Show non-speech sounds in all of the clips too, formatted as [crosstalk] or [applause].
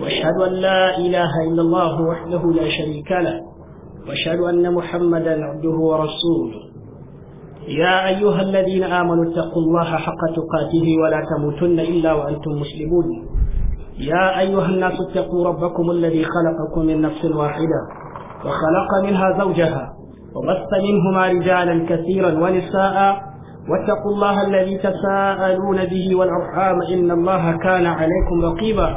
واشهد ان لا اله الا الله وحده لا شريك له واشهد ان محمدا عبده ورسوله يا ايها الذين امنوا اتقوا الله حق تقاته ولا تموتن الا وانتم مسلمون يا ايها الناس اتقوا ربكم الذي خلقكم من نفس واحده وخلق منها زوجها وبث منهما رجالا كثيرا ونساء واتقوا الله الذي تساءلون به والارحام ان الله كان عليكم رقيبا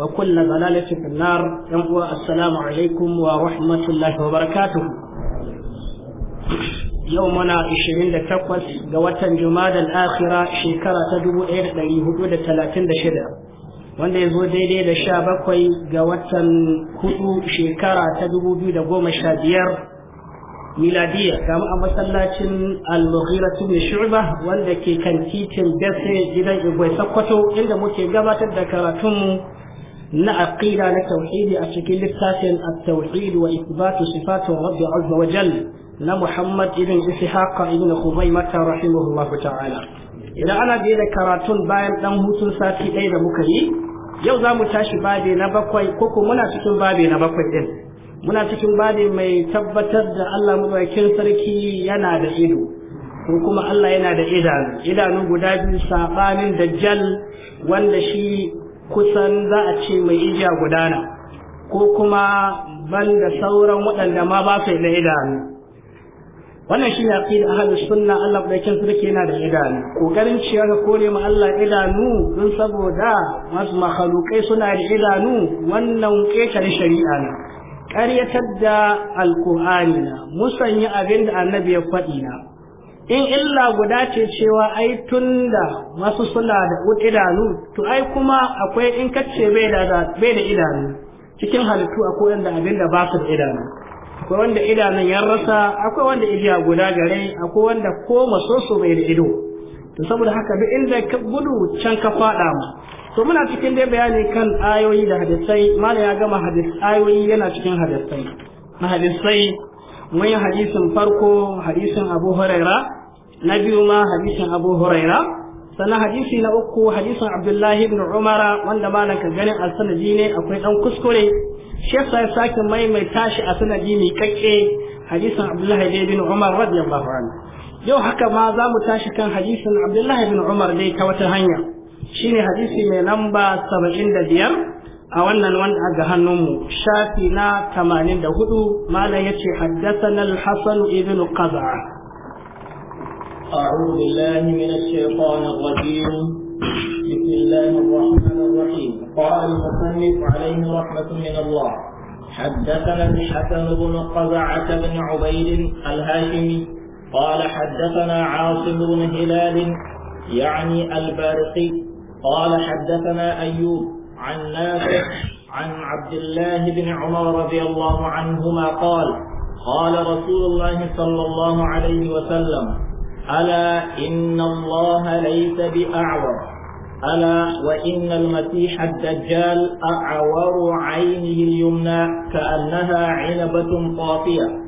وكل ضلالة في النار ينقوى السلام عليكم ورحمة الله وبركاته يومنا 28 قوة جماد الآخرة شكرة تدبو إير لأي هدود 36 wanda ya zo daidai da sha bakwai ga watan hudu shekara ta dubu biyu da goma sha biyar miladiya kama a masallacin al-mughira tun shu'ba wanda ke kan titin gidan igwai sakkwato inda muke gabatar da karatunmu na aqida na tauhidi a cikin littafin at-tauhid wa ithbatu sifatu rabbi azza wa jalla na muhammad ibn ishaq ibn khubay mata rahimahullahu ta'ala idan ana je karatun bayan ɗan hutun sati ɗaya da muka yi yau za mu tashi babe na bakwai ko ko muna cikin babe na bakwai din muna cikin babe mai tabbatar da allah mabarakin sarki yana da ido ko kuma allah yana da idanu idanu guda biyu saɓanin da Jal wanda shi kusan za a ce mai ijiya gudana ko kuma ban da sauran waɗanda ma ba su da idanu wannan shi ne da ahlus sunna Allah da kin sarki yana da idanu Ƙoƙarin ciyar da kore ma Allah idanu don saboda masu mahalukai suna da idanu wannan ƙetar shari'a na ƙaryatar da alqur'ani na musanyi abin da annabi ya faɗi na in illa guda ce cewa ai tunda masu suna da idanu to ai kuma akwai in kace bai da bai da idanu cikin halittu akwai wanda abin da ba su da idanu akwai wanda idanun ya rasa akwai wanda ijiya guda gare akwai wanda ko maso su bai da ido to saboda haka duk inda ka gudu can ka fada mu to muna cikin dai bayani kan ayoyi da hadisai malam ya gama hadis ayoyi yana cikin hadisai na hadisai mun yi hadisin farko hadisin Abu Hurairah na biyu ma hadisin abu huraira sannan hadisi na uku hadisin abdullahi ibn Umar wanda malam ka ganin a sanadi ne akwai dan kuskure sheksa ya sake maimaita shi a sanadi mai kakke hadisin abdullahi ibn umar radiyallahu anhu yau haka ma zamu tashi kan hadisin abdullahi ibn umar dai ta wata hanya shine hadisi mai lamba saba'in da biyar a wannan wanda ga mu shafi na tamanin da hudu malam ya ce haddasa na alhassanu ibn أعوذ بالله من الشيطان الرجيم بسم الله الرحمن الرحيم قال المصنف عليه رحمة من الله حدثنا الحسن بن قزعة بن عبيد الهاشمي قال حدثنا عاصم بن هلال يعني البارقي قال حدثنا أيوب عن نافع عن عبد الله بن عمر رضي الله عنهما قال قال رسول الله صلى الله عليه وسلم ألا إن الله ليس بأعور ألا وإن المسيح الدجال أعور عينه اليمنى كأنها عنبة قاطية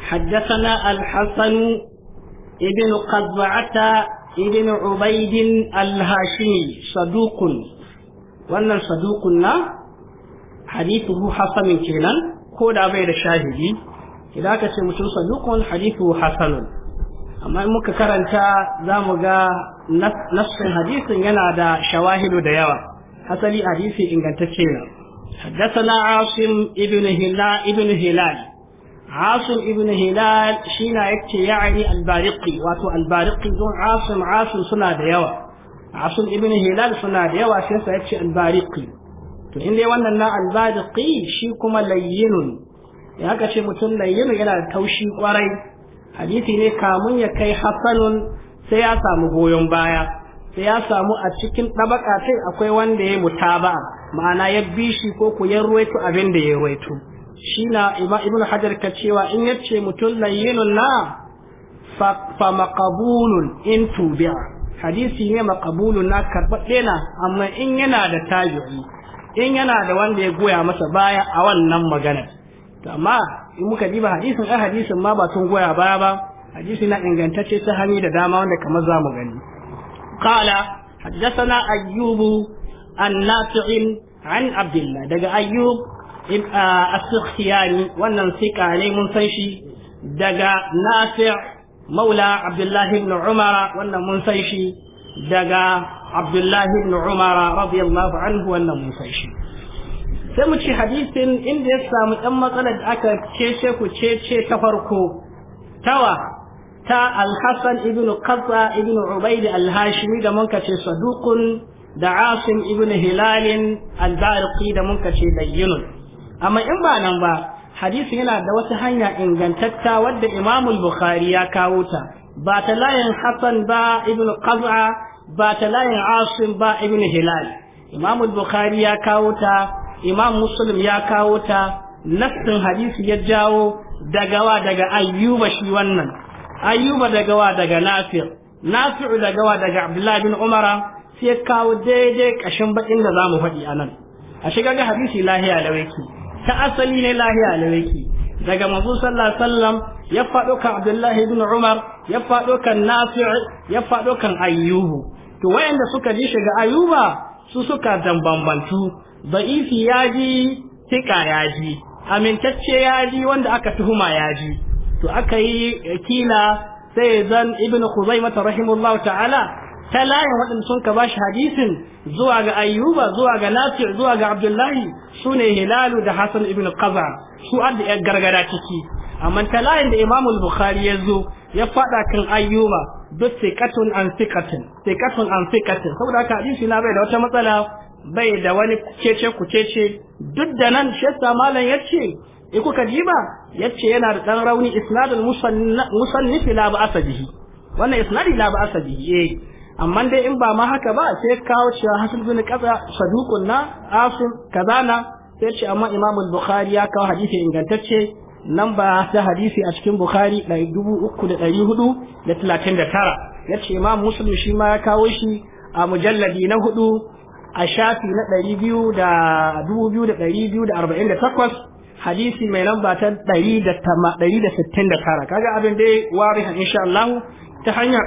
حدثنا الحسن ابن قزعة ابن عبيد الهاشمي صدوق wannan saduqun na hadithu hasanin kenan ko da bai da shahidi idan aka ce mutum saduqun hadithu hasanun amma in muka karanta za mu ga nassin hadisin yana da shawahidu da yawa asali hadisi ingantacce ne حدثنا عاصم ابن هلال ابن هلال عاصم ابن هلال شينا يكتي يعني البارقي واتو البارقي دون عاصم عاصم سنة ديوة عاصم ابن هلال سنة ديوة شينا يكتي البارقي to in dai wannan na albadiqi shi kuma layyinun in aka ce mutum layyinu yana da taushi kwarai hadisi ne kamun ya kai hasanun sai ya samu goyon baya sai ya samu a cikin ɗabaka sai akwai wanda ya ba ma'ana ya bi shi ko ku ya ruwaito abin da ya ruwaito shi na ibn hajar ka cewa in ya ce mutum layyinun na fa maqabulun in tubi'a hadisi ne maqabulun na karɓaɗɗe na amma in yana da tabi'i in yana da wanda ya goya masa baya a wannan maganar amma in muka diba hadisin a hadisin ma ba tun goya baya ba hadisi na ingantacce ta hanyar da dama wanda kamar za mu gani kala haddathana ayyubu an nafi'in an abdullah daga ayyub in wannan sika ne mun san shi daga nafi' maula abdullah ibn umar wannan mun san shi daga abdullah ibn umar radiyallahu anhu wannan mun san shi sai mu ci hadisin inda ya samu ɗan matsalar da aka cece ku cece ta farko tawa ta alhassan ibn qazza ibn ubaid alhashimi da mun kace saduqun da asim ibn hilalin al-bariqi da mun kace layyinun amma in ba nan ba hadisin yana da wata hanya ingantatta wadda imamul bukhari ya kawo ta ba ta layin hassan ba ibn qazza ba ta layin asim ba ibn hilal imamul bukhari ya kawo ta imam muslim ya kawo ta nassin hadisi ya jawo daga wa daga ayyuba shi wannan ayyuba daga wa daga nafi nafi' daga wa daga abdullahi bin umara sai kawo daidai kashin bakin da zamu faɗi anan a shiga ga hadisi lahiya lawaki ta asali ne lahiya lawaki daga manzo sallallahu alaihi wasallam ya faɗo kan abdullahi bin umar ya faɗo kan nafi' ya faɗo kan ayyubu to wayanda suka ji shiga ayyuba su suka dan bambantu da'ifi ya ji tika yaji, ji amintacce ya wanda aka tuhuma yaji. to aka yi kila sai zan ibnu khuzaimah rahimahullahu ta'ala ta layin waɗanda sun ka bashi hadisin zuwa ga ayyuba zuwa ga nafi zuwa ga abdullahi su ne hilalu da hasan ibn qaza su adda gargada ciki amma ta layin da imam bukhari ya zo ya faɗa kan ayyuba duk thiqatun an thiqatin thiqatun an thiqatin saboda haka hadisi na bai da wata matsala bai da wani kucece kucece duk da nan shi malam yace in kuka ji Ya yace yana da ɗan rauni isnadul musannif la ba'sa bihi wannan isnadi la ba'sa bihi eh amma dai in ba ma haka ba sai kawo cewa hasan bin ƙasa, saduqun na asim kazana sai ce amma imam bukhari ya kawo hadisi ingantacce ba ta hadisi a cikin bukhari ɗari dubu uku da ɗari hudu da talatin da tara ya ce ma Musulun shi ma ya kawo shi a mujalladi na hudu a shafi na ɗari biyu da dubu biyu da ɗari biyu da arba'in da takwas hadisi mai lamba ta ɗari da ɗari da sittin da tara kaga abin dai warihan insha Allah ta hanyar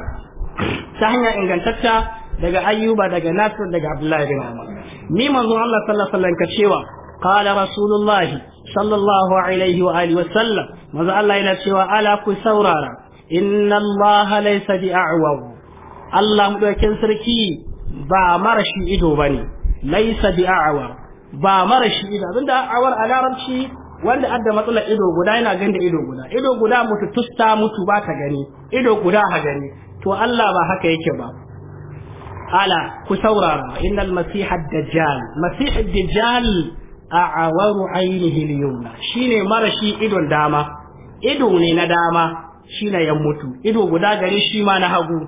ta hanyar ingantatta daga ayyuba daga nasir daga abdullahi bin amma ni manzon Allah sallallahu alaihi wasallam ka cewa qala rasulullahi sallallahu alaihi wa alihi wa sallam maza Allah yana cewa ala ku saurara inna Allah laysa bi a'waw Allah mudaukin sarki ba marashi ido bane laysa bi a'waw ba marashi ido abinda a'war a larabci wanda adda matsala ido guda yana ganda ido guda ido guda mutu tusta mutu ba ta gani ido guda ha gani to Allah ba haka yake ba ala ku saurara innal masiha dajjal masiha dajjal a'awaru ainihi al-yumna shine shi idon dama ido ne na dama shine ya mutu ido guda gari shi ma na hagu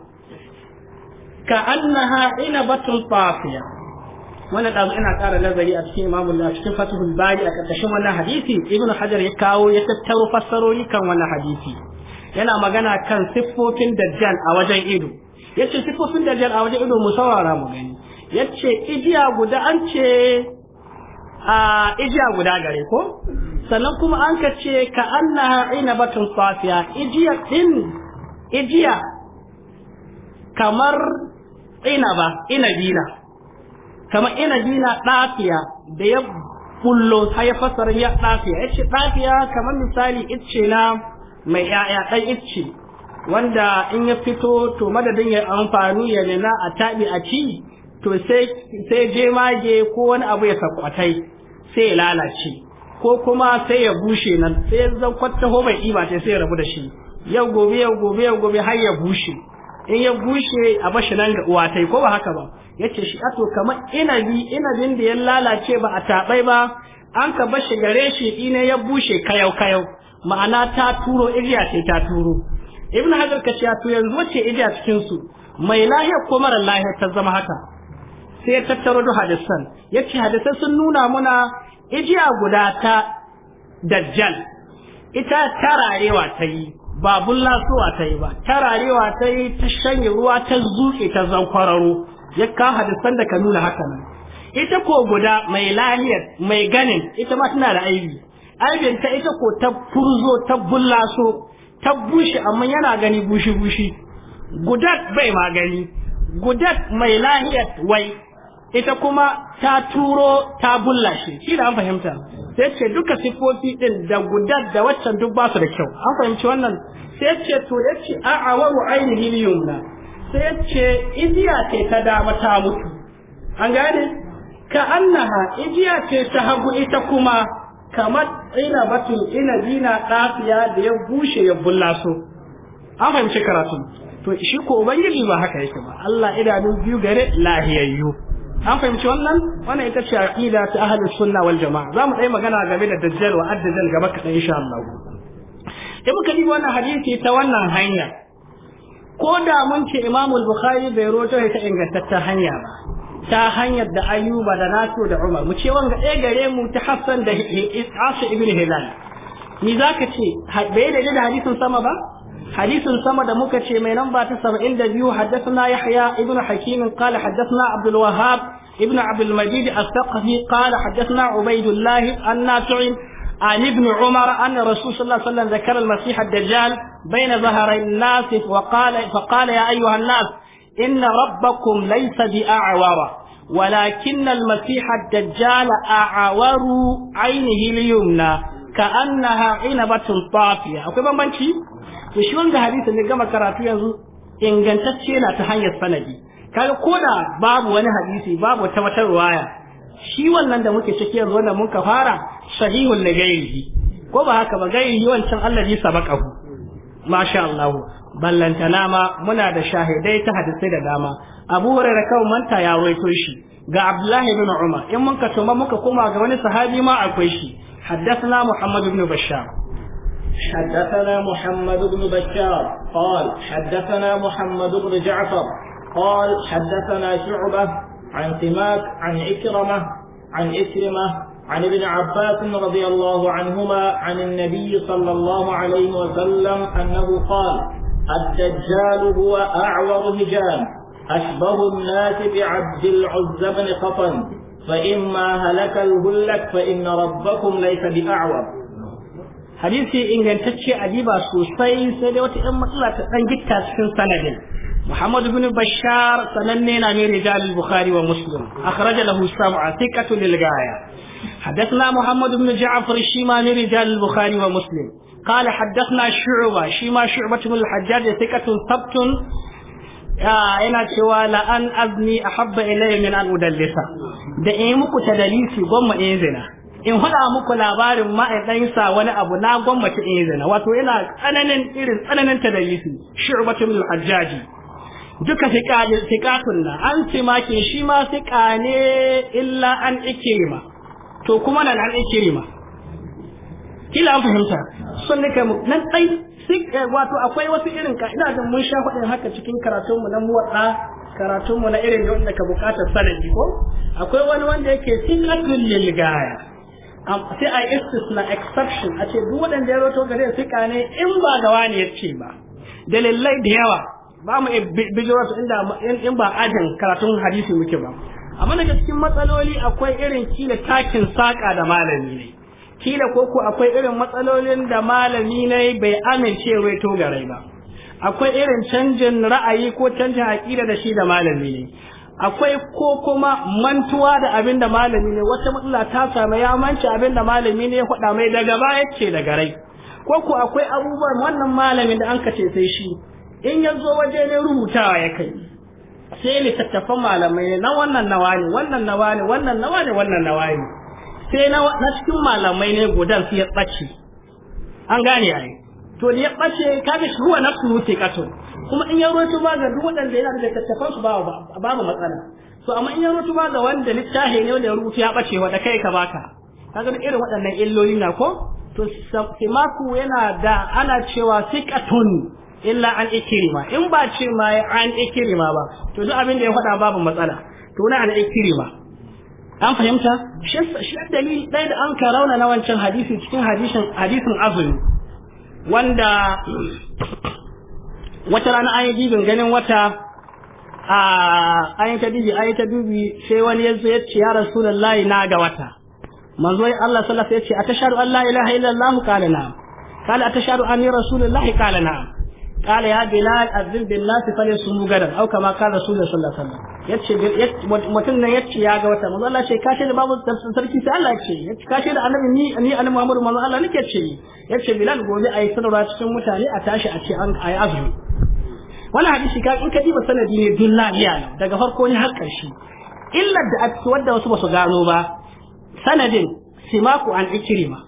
ka annaha batun fafiya. wannan dan ina tsara nazari a cikin imamu na cikin Fathul Bari a ƙarƙashin wannan hadisi ibnu Hajar ya kawo ya tattaro fassarori kan wannan hadisi yana magana kan siffofin dajjal a wajen ido yace siffofin dajjal a wajen ido mu saurara mu gani yace igiya guda an ce a ijiya guda gare ko sannan kuma an ka ce ka annaha batun safiya ijiya din ijiya kamar ina inabina kamar inabina dafiya da ya ta sai fasar ya dafiya ce ɗafiya kamar misali icce na mai yaya ɗan ice wanda in ya fito to madadin ya amfani ya nuna a tabi a ci to sai je mage ko wani abu ya sakwatai sai ya lalace ko kuma sai ya bushe nan sai ya zan ho bai iba sai ya rabu da shi yau gobe yau gobe yau gobe har ya bushe in ya bushe a bashi nan ga uwa tai ko ba haka ba yace shi ato kamar inabi inabin da ya lalace ba a taɓai ba an ka bashi gare shi ina ya bushe kayau kayau ma'ana ta turo iriya sai ta turo ibn hajar ka to yanzu wace iriya cikin su mai lahiya ko mara lahiya ta zama haka sai ya tattaro da hadisan yace hadisan sun nuna muna ijiya guda ta dajjal ita tararewa tayi yi ba bullasuwa ta yi ba tararewa ta yi ta shanye ruwa ta zuke ta zankwararo ya ka hadisan da ka nuna haka nan ita ko guda mai lahiyar mai ganin ita ma tana da aibi aibin ta ita ko ta furzo ta bullaso ta bushe amma yana gani bushi bushi gudat bai magani gudat mai lahiyar wai ita kuma ta turo ta bulla shi shi da an fahimta sai ce duka sifofi din da gudar da waccan duk basu da kyau an fahimci wannan sai ce to ya ce a awaru ainihin sai ce igiya ce ta dama ta mutu an gane ka annaha igiya ce ta hagu ita kuma kamar ina batun ina zina ɗafiya da ya bushe ya bulla su an fahimci karatu to shi ko ubangiji ba haka yake ba Allah idanu biyu gare lahiyayyu an fahimci wannan wannan ita ce aqida ta ahlus sunna wal jamaa za mu dai magana game da dajjal wa addajal gaba kadan insha Allah in muka dibi wannan hadisi ta wannan hanya ko da mun ce Imam al-Bukhari bai rawaito ta inganta hanya ba ta hanyar da Ayyuba da Nasu da Umar mu ce wanga ɗaya gare mu ta Hassan da Asu ibn Hilal ni ka ce bai da hadisin sama ba حديث سمد مكتش من نمبر 72 حدثنا يحيى ابن حكيم قال حدثنا عبد الوهاب ابن عبد المجيد الثقفي قال حدثنا عبيد الله النافع عن ابن عمر أن الرسول صلى الله عليه وسلم ذكر المسيح الدجال بين ظهر الناس وقال فقال يا أيها الناس إن ربكم ليس بأعور ولكن المسيح الدجال أعور عينه اليمنى كأنها عنبة طافية أوكي بمبنشي وشون ده حديث اللي جمع كراتو ينزو إن جنتشينا تهيئ سندي Kar koda babu wani hadisi babu wata wata ruwaya shi wannan da muke ciki yanzu wanda mun ka fara sahihul li ghairihi ko ba haka ba ghairihi wancan allazi sabaqahu masha Allah ballantana nama muna da shahidai ta hadisai da dama Abu Hurairah kawai manta ya waito shi ga Abdullahi ibn Umar in mun ka tuma muka koma ga wani sahabi ma akwai shi حدثنا محمد بن بشار حدثنا محمد بن بشار قال حدثنا محمد بن جعفر قال حدثنا شعبة عن سماك عن إكرمة عن إكرمة عن ابن عباس رضي الله عنهما عن النبي صلى الله عليه وسلم أنه قال الدجال هو أعور هجان أشبه الناس بعبد العزى بن خطن فإما هلك الهلك فإن ربكم ليس بأعور حديثي إن a تشي أجيبها sai سيدي wata 'yan matsala ta ɗan محمد بن بشار سنننا من رجال البخاري ومسلم أخرج له سبعة ثقة للغاية حدثنا محمد بن جعفر الشيما من رجال البخاري ومسلم قال حدثنا شعبة شيما شعبة من الحجاج ثقة ثبت yana cewa la an azni ahabba ilayya min an udallisa da in muku tadalisi gwamma in zina in faɗa muku labarin ma'aikansa wani abu na ta in zina wato yana tsananin irin tsananin tadalisi shu'batun al-hajjaji duka fiƙatun nan an ce makin shi ma fiƙa ne illa an ikirima to kuma nan an ikirima kila an fahimta sun nika nan ɗai eh, wato akwai wasu irin ka ina da mun sha faɗin haka cikin karatunmu na muwaɗa karatunmu na irin wanda ka buƙatar sanadi ko akwai wani wanda yake sinatun lil gaya sai a istisna exception a ce duk waɗanda ya roto gare fiƙa ne in ba gawa ne ya ce ba dalilai da yawa ba mu bijiro inda in ba ajin karatun hadisi muke ba amma daga cikin matsaloli akwai irin kila takin saka da malami ne kila koko akwai irin matsalolin da malami ne bai amince to garai ba akwai irin canjin ra'ayi ko canjin aƙida da shi da malami ne akwai ko kuma mantuwa da abin da malami ne wata matsala ta samu ya mance abin da malami ne ya faɗa mai daga baya ce da garai ko ko akwai abubuwan wannan malamin da an kace sai shi in ya zo waje ne rubutawa ya kai sai littattafan malamai na wannan nawa ne wannan nawa ne wannan nawa ne wannan nawa ne sai na cikin malamai ne gudan su ya tsace an gane yayi to ne ya ɓace ga shi na nafsu wuce katon kuma in ya rotu ba ga duk waɗanda yana da littattafan su babu matsala to amma in ya rotu ba ga wanda littafi ne wanda ya rubuta ya ɓace wanda kai ka baka kaga irin waɗannan illoli na ko to simaku yana da ana cewa sikatun illa an ikirima in ba ce ma an ikirima ba to duk abin da ya faɗa babu matsala to na an ikirima an fahimta shi dalili ɗaya da an ka rauna na wancan hadisi cikin hadisin hadisin azumi wanda wata rana an yi dibin ganin wata a an yi ta digi an yi ta dubi sai wani ya zo ya ce ya rasulullahi na ga wata manzo Allah sallallahu alaihi wasallam ya ce atashhadu an la ilaha illallah qala na'am qala atashhadu anni rasulullahi qala na'am قال يا بلال أذن بالناس فليصوموا غدا أو كما قال رسول الله صلى الله عليه وسلم yace mutum nan yace ya ga wata manzo Allah ce kashe da babu sarki sai Allah yace yace kashe annabi ni ni annabi Muhammadu manzo Allah nake ce yace Bilal gobe ayi sanarwa cikin mutane a tashi a ce an ayi azumi wannan hadisi ka in ka diba sanadi ne dulla iya daga farko na har karshe illar da wadda wasu ba su gano ba sanadin simaku an ikrima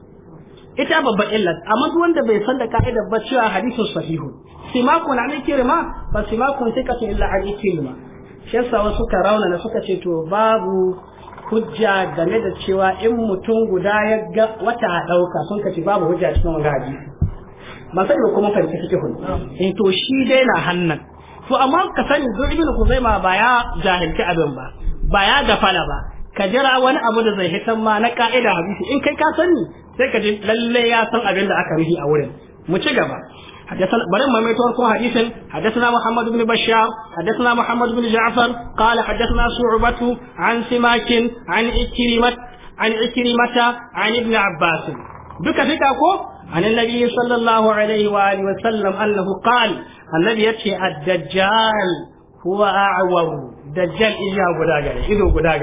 ita babba illat amma duk wanda bai san da ka'idar ba cewa hadisi sahihu simakun na ne kirma ba simakun sai kasu illa an ma shi yasa wasu ka rauna na suka ce to babu hujja game da cewa in mutum guda ya ga wata ɗauka sun ce babu hujja cikin wanga hadisi ba sai ba kuma fahimci fikihun In eh, to shi dai na hannan to amma ka sani duk ibnu kuzaima ba ya jahilci abin ba ba ya gafala ba ka jira wani abu da zai hitan ma na ka'ida hadisi in kai ka sani sai ka ji lalle ya san abin da aka ruhi a wurin mu ci gaba حدثنا برم ما يتوقع حديثا حدثنا محمد بن بشار حدثنا محمد بن جعفر قال حدثنا شعبة عن سماك عن إكرمة عن إكرمة عن ابن عباس duka fika ko an annabi sallallahu alaihi wa alihi wa sallam annahu qal annabi yace ad-dajjal huwa a'war dajjal iya guda ido guda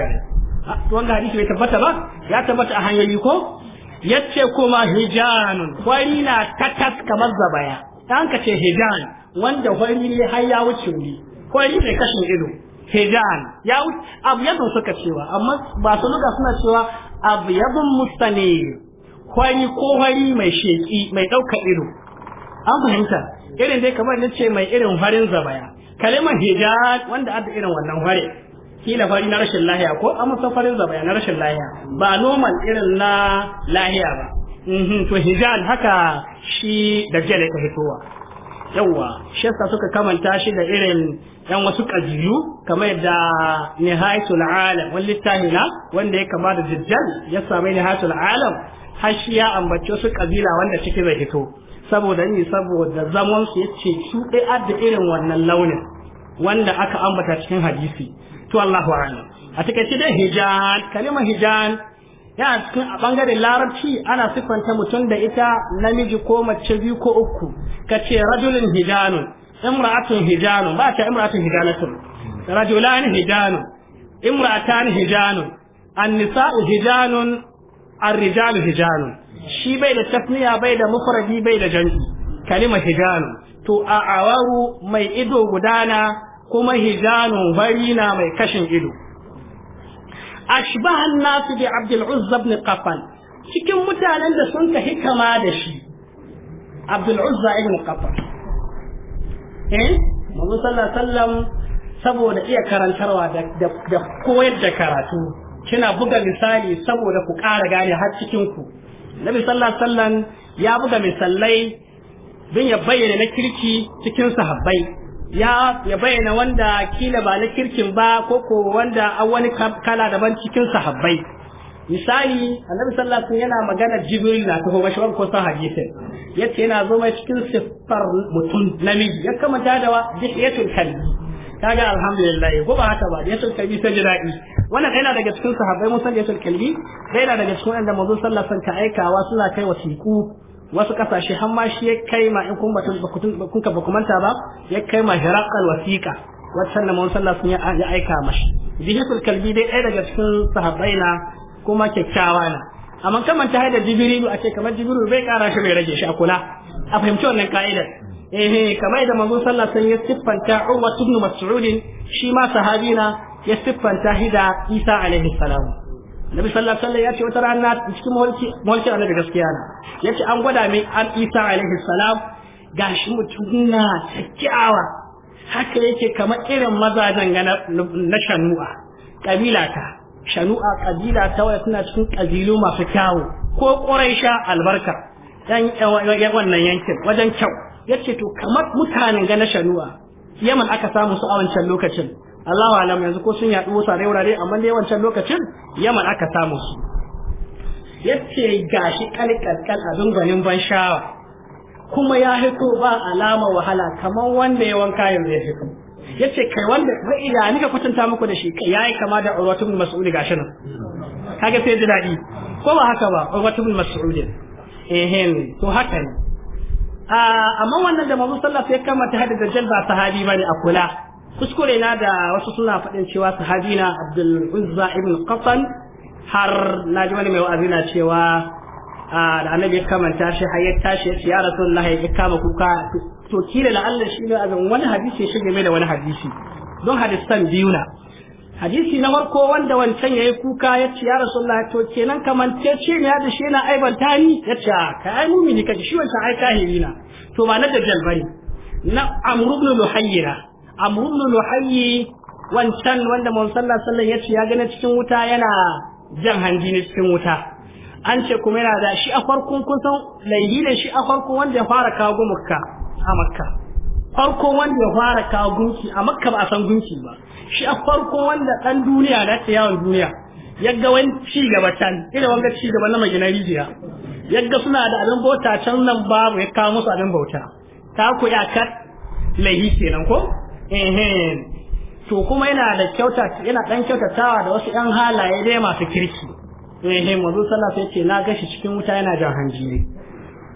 to wanda hadisi bai tabbata ba ya tabbata a hanyoyi ko yace kuma hijanun kwari na takas kamar zabaya dan ka ce hijan wanda kwari ne har ya wuce wuri kwari ne kashin ido hijan ya abu yadda suka cewa amma ba su luga suna cewa abu yabun mustani wani ko wani mai sheki mai daukar ido an fahimta irin dai kamar nace mai irin farin zabaya kalimar hijan wanda ada irin wannan fare kila fari na rashin lahiya ko an masa farin zaba na rashin lahiya ba normal irin na lahiya ba mhm, to hijal haka shi da dajjal ya fitowa yawa shi yasa suka kamanta shi da irin yan wasu kajiyu kamar yadda nihayatul alam wani littafi na wanda ya kama da jijjal ya sami nihayatul alam har shi ya ambaci wasu kabila wanda ciki zai fito saboda ni saboda zaman su ce su dai da irin wannan launin wanda aka ambata cikin hadisi to Allahu a'lam a ce dai hijan kalma hijan yana cikin a bangaren larabci ana siffanta mutum da ita namiji ko mace biyu ko uku kace rajulun hijanun imra'atun hijanun ba ta imra'atun hijanatun rajulan hijanun imra'atan hijanun annisa'u hijanun arrijalu hijanun shi bai da tafniya bai da mufradi bai da jam'i kalma hijanun to a awaru mai ido gudana kuma hijanun bari na mai kashin ido ashbahan nasu bi abdul uzza ibn qafan cikin mutanen da sun ka hikama da shi abdul uzza ibn qafan eh manzo sallallahu sallam saboda iya karantarwa da koyar da karatu kina buga misali saboda ku ƙara gane har cikin ku nabi sallallahu sallam ya buga misalai don ya bayyana na kirki cikin sahabbai ya ya bayyana wanda kila ba na kirkin ba ko ko wanda an wani kala daban cikin sahabbai misali annabi sallallahu alaihi yana magana jibril na ko mashi ko san hadisin yace yana zo mai cikin siffar mutum namiji ya kama jadawa dihiyatul kalbi kaga alhamdulillah ko ba haka ba dihiyatul kalbi sai jira'i wannan yana daga cikin sahabbai musan dihiyatul kalbi yana daga cikin wanda manzo sallallahu alaihi wasallam ka aikawa suna kai wasiku wasu kasashe har ma shi ya kai ma in kun kun ka bakumanta ba ya kai ma hiraqal wasiqa wannan mun sallah sun ya aika mashi bihisul kalbi dai ɗaya daga cikin sahabbai na kuma kyakkyawa na amma kaman ta haida jibrilu a ce kamar jibrilu bai kara shi bai rage shi a kula a fahimci wannan ka'idar eh, eh kamar idan manzon sallah sun ya siffanta Umar ibn Mas'ud shi ma sahabina ya siffanta hida Isa alaihi salam nabi sallallahu alaihi wasallam ya ce wata rana cikin mulki mulki da gaskiya na yace an gwada mai an isa alaihi salam gashi mutum na haka yake kamar irin mazajen ga na shanu'a kabila ta shanu'a kabila ta waya suna cikin kabilu masu kyawu ko quraisha albarka dan wannan yankin wajen kyau yace to kamar mutanen ga na shanu'a yaman aka samu su a wancan lokacin wa alam yanzu ko sun yaɗu wasu a wurare amma dai wancan lokacin yaman aka samu su yace gashi kalkalkal a zungunin ban sha'awa. kuma ya hito ba alama wahala kamar wanda ya wanka yanzu ya hito yace kai wanda zai iya nika kwatanta muku da shi kai yayi kama da urwatu bin mas'ud gashi nan kaga sai ji daɗi ko ba haka ba urwatu bin mas'ud ehem to haka ne ah, amma wannan da manzo sallallahu alaihi kama ta kamata hadda dajjal ba sahabi bane a kula kuskure na da wasu suna faɗin cewa sahabi na Abdul Uzza ibn har na ji wani mai wa'azi na cewa da annabi ya kamanta shi har ya tashi ya ce ya ya kama kuka to kila la Allah shi ne azan wani hadisi ya shige mai da wani hadisi don hadisan biyu na hadisi na farko wanda wancan yayi kuka ya ce ya rasulullahi to kenan kamance ce ne da shi yana aibanta ni ya ce ka ai mumini shi wancan ai kahiri na to ba na dajjal bane na amru ibn luhayyira amru ibn wancan wanda mun sallah sallan yace ya gane cikin wuta yana jan hanji ne cikin wuta an ce kuma yana da shi a farkon kun san laihi shi a farkon wanda ya fara kawo gumuka, a makka farko wanda ya fara kawo gunki a makka ba a san gunki ba shi a farkon wanda dan duniya da ta yawon duniya yagga wani ci gaba can irin wanga ci gaba na magina rijiya yagga suna da abin bauta can nan babu ya kawo musu abin bauta ta ku yakar laihi kenan ko to kuma yana da kyauta yana dan kyautatawa da wasu yan halaye dai masu kirki ehe mazu sallah sai ce na gashi cikin wuta yana jan hanjiri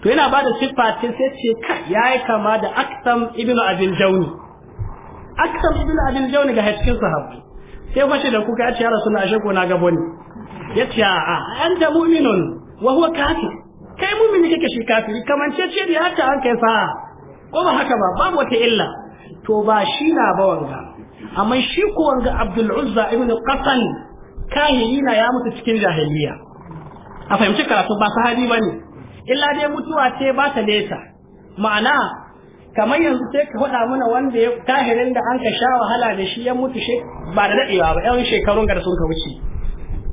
to yana ba da siffa sai ce yayi kama da aksam ibnu abin jauni aksam ibnu abin jauni ga cikin sahabbai sai fashe da kuka ya ce ya rasu na ashe ko na gabo ne ya ce a'a an da mu'minun wa huwa kafir kai mu'mini kake shi kafiri kamar ce ce da ya ta an kai sa'a ko ba haka ba babu wata illa to ba shi na ba wanga amma shi ko wanga Abdul Uzza ibn qatan kahiri na ya mutu cikin jahiliya a fahimci karatu ba sahabi bane illa dai mutuwa ce ba ta leta ma'ana kamar yanzu sai ka faɗa mana wanda ya kahirin da an ka sha wahala da shi ya mutu shi ba da daɗewa ba yawan shekarun da sun ka wuce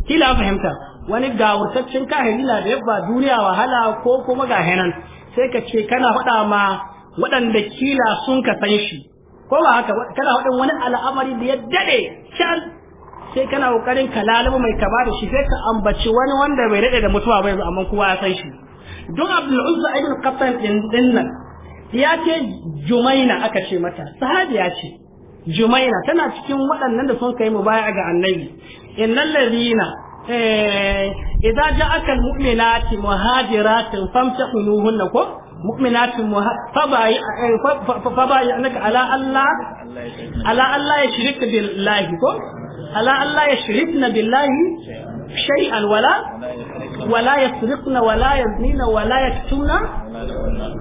kila fahimta wani gawurtaccen kahiri na da yabba duniya wahala ko kuma ga sai ka ce kana faɗa ma waɗanda kila sun ka san shi ko ba haka kana wadin wani al'amari da ya dade can sai kana kokarin ka lalubu mai kama da shi sai ka ambaci wani wanda bai dade da mutuwa ba amma kowa ya san shi duk Abdul Uzza ibn Qattan din ya ce Jumaina aka ce mata ya ce Jumaina tana cikin waɗannan da sun kai mu baya ga Annabi innal ladina Eh, idza ja'aka almu'minati muhajiratin famtahinuhunna ko mu'minatin fabayi eh, fabayi annaka ala Allah ala Allah ya shirka billahi ko ala Allah ya shirkna billahi shay'an wala wala yasriqna wala yaznina wala yaktuna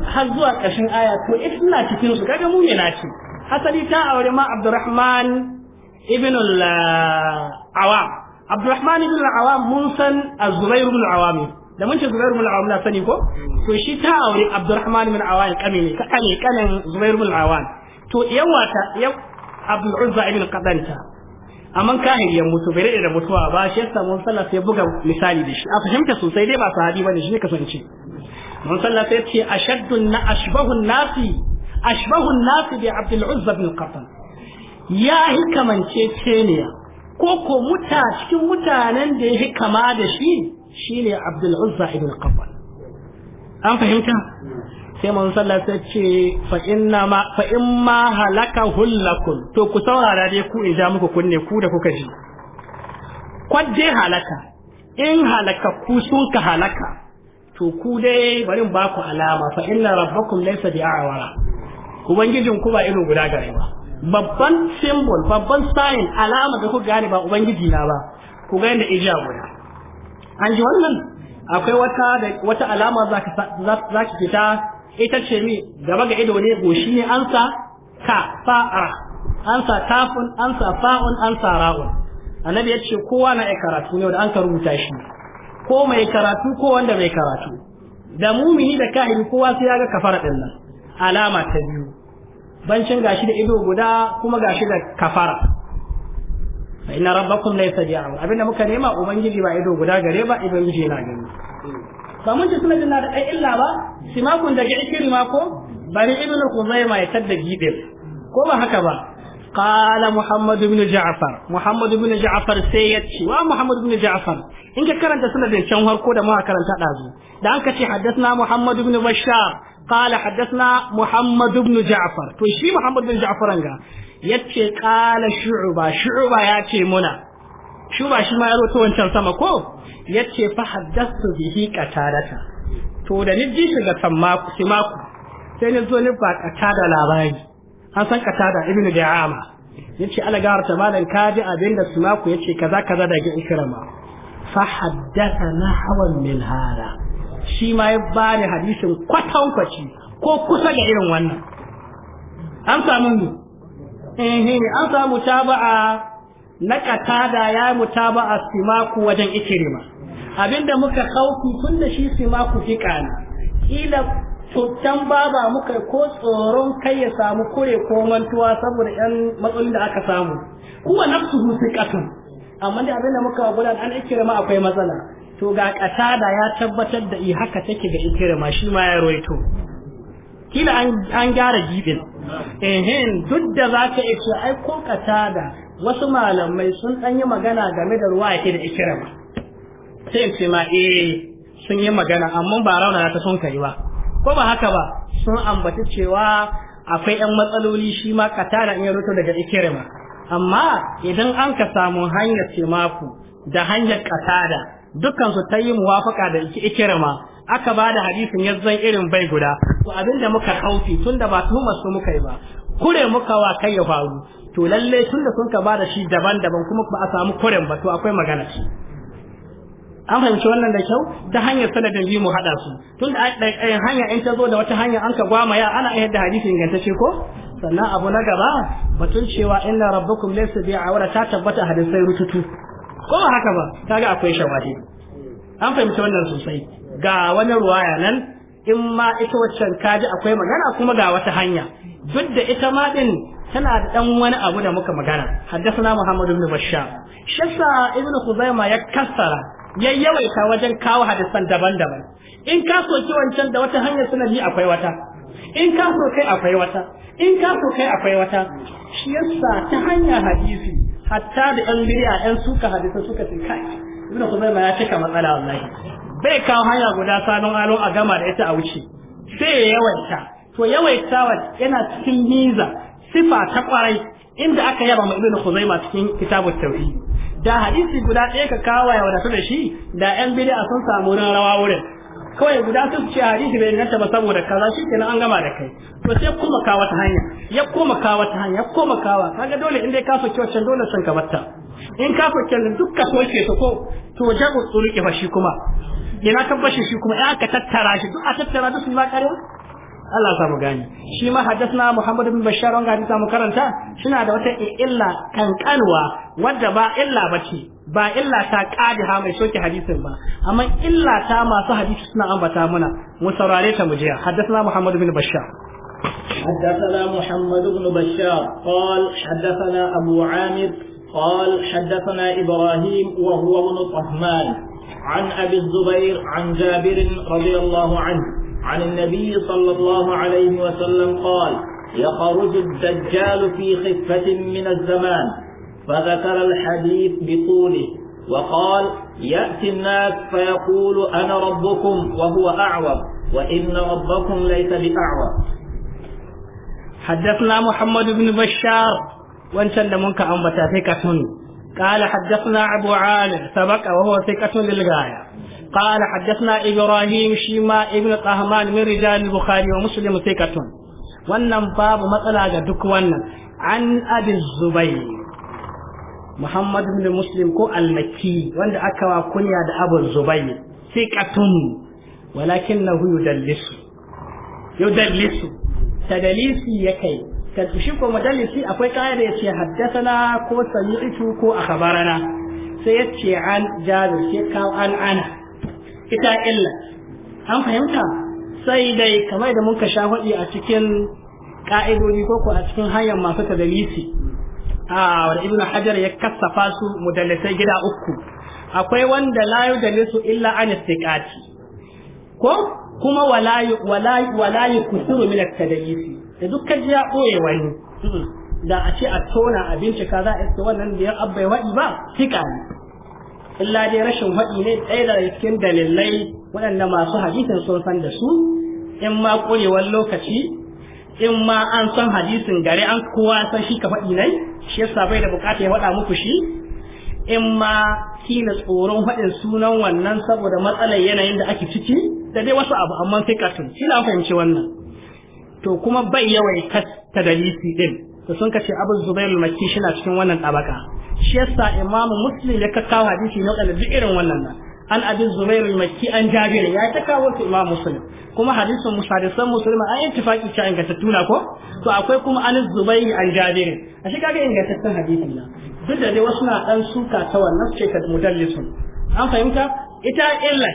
har zuwa ƙarshen aya to isna cikin su kaga mu'mina ce asali ta aure ma Abdurrahman ibn eh, Abdurrahman ibn al-Awam mun san Zubair ibn al-Awam da mun ce Zubair ibn al-Awam na sani ko to shi ta aure Abdurrahman ibn al-Awam kame ne kane kanin Zubair ibn al-Awam to yawa ta yau Abdul Uzza ibn Qadanta amma kahir ya mutu bai da mutuwa ba shi yasa mun sallah sai buga misali da shi a fahimta sosai dai ba sahabi bane shi ne kasance mun sallah sai ce ashaddun na ashbahun nasi ashbahun nasi bi Abdul Uzza ibn Qadanta ya hikamance ce ne ko ko muta cikin mutanen da ya kama da shi shine Abdul Uzza ibn Qafal an fahimta sai manzon sallah ta ce fa inna ma fa in ma halaka hullakum to ku saurara dai ku in ja muku kunne ku da kuka ji kwaje halaka in halaka ku sun ka halaka to ku dai bari ba ku alama fa inna rabbakum laysa bi'awara ubangijin ku ba irin guda gare ba babban simbol babban sign alama da ku gane ba ubangiji na ba ku ga inda ija guda an ji wannan akwai wata wata alama za ka fita ita ce mi gaba ga ido ne goshi ne an sa ka fa'a an sa kafun an sa fa'un an sa ra'un annabi ya ce kowa na ai karatu ne da an ka rubuta shi ko mai karatu ko wanda mai karatu da mumini da kahiri kowa sai ya ga kafara din nan alama ta biyu bancin gashi da ido guda kuma gashi da kafara fa inna rabbakum laysa bi'am abinda muka nema ubangiji ba ido guda gare ba ubangiji na gani ba mun ci suna da ɗan illa ba simakun daga ma ko bari ibn khuzaima ya tadda gidil ko ba haka ba qala muhammad ibn ja'far muhammad ibn ja'far sai ya ce wa muhammad ibn ja'far in ka karanta sanadin can harko da ma karanta dazu da ka ce haddathna muhammad ibn bashar قال حدثنا محمد بن جعفر تو شي محمد بن جعفر انغا yace qala shu'ba shu'ba yace muna shu'ba shi ma yaro to wancan sama ko yace fa haddathu bihi qatadata to da ni ji shiga simaku sai ni zo ni ba qatada labari an san qatada ibnu da'ama yace alagar ta malan kaji abinda simaku yace kaza kaza ga ikrama fa haddathana hawan min hada shi ma ya bada hadisin kwatankwaci ko kusa da irin wannan an samu mu. eh an samu taba'a na katada ya yi mutaba'a simaku wajen ikirima abinda muka kauki tun da shi simaku fika ne kila tuttan baba muka ko tsoron kai ya samu kure ko mantuwa saboda yan matsalolin da aka samu kuwa fi ƙasa. amma da abinda muka gudan an ikirima akwai matsala to ga katada ya tabbatar da i haka take ga ikirma shi ma ya roito kila an gyara gibin ehin duk da za ka ce ai ko katada wasu malamai sun dan yi magana game da ruwa yake da ikirma sai in ce ma eh sun yi magana amma ba rauna ta sun kai ba ko ba haka ba sun ambaci cewa akwai yan matsaloli shi ma katada in ya roto daga ikirma amma idan an ka samu hanyar ce da hanyar katada dukkan su ta yi muwafaka da ikirma aka ba da hadisin yazzan irin bai guda to abinda muka kaufi tunda ba tuhumar su muka yi ba kure muka wa kai ya faru to lalle tunda sun ka ba da shi daban-daban kuma ba a samu kuren ba to akwai magana ce an fahimci wannan da kyau ta hanyar sanadin biyu mu haɗa su tun da hanya in ta zo da wata hanya an ka ya ana ayar da hadisi ingantacce ko sannan abu na gaba batun cewa inna rabbukum laysa bi'a wa ta tabbata hadisai rututu ko ba haka ba kaga akwai shawahi an fahimci wannan sosai ga wani ruwaya nan in ma ita waccan kaji akwai magana kuma ga wata hanya duk da ita ma din tana da dan wani abu da muka magana haddathana Muhammad ibn Bashar shassa ibn Khuzaima ya kassara yawaita wajen kawo hadisan daban-daban in ka soki wancan da wata hanya suna sanadi akwai wata in ka so kai akwai wata in ka so kai akwai wata shi yasa ta hanya hadisi hatta da yan a yan suka hadisa suka ce kai ibn kuzaima ya cika matsala wallahi bai kawo hanya guda sanon alo a gama da ita a wuce sai ya yawaita to yawaitawa yana cikin miza sifa ta kwarai inda aka yaba ma ibn kuzaima cikin kitabut tauhid da hadisi guda ɗaya ka kawo ya wadatu da shi da yan a sun samu wurin rawa wurin kawai guda sun ce hadisi bai inganta ba saboda kaza shi kenan an gama da kai to sai kuma ka wata hanya ya kuma ka wata hanya kuma kawa kaga dole in dai ka soke wancan dole sun ka batta in ka soke duk ka soke ta ko to jabu tsuluki fa shi kuma ina tabbashi shi kuma in aka tattara shi duk a tattara duk su ma kare Allah ya samu gani shi ma haddathna Muhammad ibn Bashar wanga hadisa mu karanta shina da wata illa kankanwa wadda ba illa bace ba illa ta qadiha mai soke hadisin ba amma illa ta masu hadisi suna ambata muna mu saurare ta mu jiya haddathna Muhammad ibn Bashar حدثنا محمد بن بشار قال حدثنا أبو عامر قال حدثنا إبراهيم وهو ابن طهمان عن أبي الزبير عن جابر رضي الله عنه عن النبي صلى الله عليه وسلم قال يخرج الدجال في خفة من الزمان فذكر الحديث بطوله وقال يأتي الناس فيقول أنا ربكم وهو أعوض وإن ربكم ليس بأعوض حدثنا محمد بن بشار وانسل منك أنبتا ثقة قال حدثنا أبو عالم سبق وهو ثقة للغاية قال حدثنا إبراهيم شيما ابن طهمان من رجال البخاري ومسلم wannan babu matsala ga duk wannan an abi Zubai. muhammad bin muslim ko al wanda aka wa kunya da abu zubair thiqatun walakinahu yudallisu ko akwai kaya da yace haddathana ko ko akhbarana sai an sai kawo an ana ita illa an fahimta sai dai kamar da muka sha hudi a cikin ka'idodi ko ko a cikin hanyar masu tadalisi a wanda ibn hajar ya kassafa su mudallisai gida uku akwai wanda la yudallisu illa an istiqati ko kuma wala wala wala kusuru min da dukkan ya boye wani da a ce a tona abinci kaza za a wannan da ya abbai wa'i ba fika ne illa dai rashin haɗi ne ɗaya daga cikin dalilai waɗanda masu hadisin sun san da su in ma ƙurewar lokaci in ma an san hadisin gare an kowa san shi ka faɗi nai shi yasa bai da bukata ya faɗa muku shi in ma kila tsoron faɗin sunan wannan saboda matsalar yanayin da ake ciki da dai wasu abu amma sai katun kila fahimci wannan to kuma bai yawai ta dalisi din da sun kace Abu Zubair al-Makki shi na cikin wannan tabaka shi yasa Imam Muslim ya kawo hadisi na kala irin wannan nan an Abu Zubair al-Makki an Jabir ya ta kawo su Imam Muslim kuma hadisin musadisan Muslim an tafaki cewa inga tattuna ko to akwai kuma an Zubair an Jabir a shi kaga ingantattun hadisin na duk da dai wasu na dan suka ta wannan ce ka mudallisun an fahimta ita illa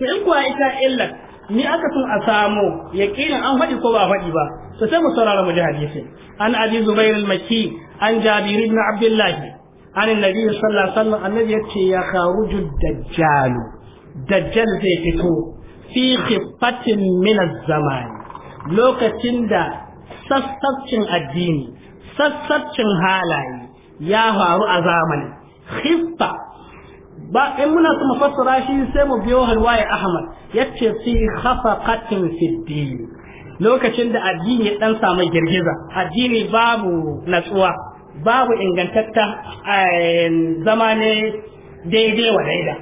to in kuwa ita illa ni aka sun a samu yaqinan an faɗi ko ba a faɗi ba to sai mu saurara mu ji hadisi an abi zubair al-makki an jabir ibn abdullah an annabi sallallahu alaihi wasallam annabi yace ya kharuju dajjal dajjal zai fito fi khifatin min az-zaman lokacin da sassabcin addini sassabcin halaye ya faru a zamanin khifa ba in muna su mafassara shi sai mu biyo halwaye ahmad yace fi khafaqatin fi lokacin da addini ya dan samu girgiza addini babu natsuwa babu ingantatta eh, zama ne daidai wa daida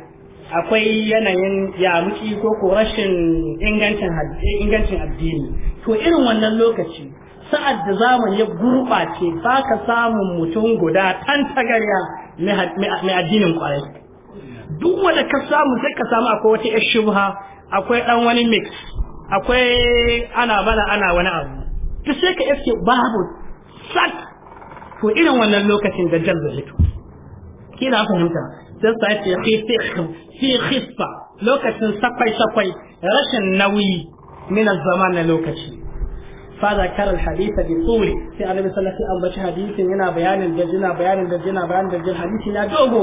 akwai yanayin yamuki ko ko rashin ingancin addini to irin wannan lokaci sa'ad da zamani ya gurɓace ba ka samun mutum guda ɗan tagarya mai addinin kwarai duk wanda ka samu sai ka samu akwai wata yar shubha akwai dan wani mix akwai ana bala ana wani abu to sai ka iske babu sat ko irin wannan lokacin da jalla hito kina fahimta sai sai ce fi fi khifa lokacin sakwai sakwai rashin nauyi min zaman na lokaci فذكر الحديث بطوله في النبي صلى الله عليه وسلم bayanin حديث هنا بيان da بيان bayanin بيان الدجنا حديث ya dogo.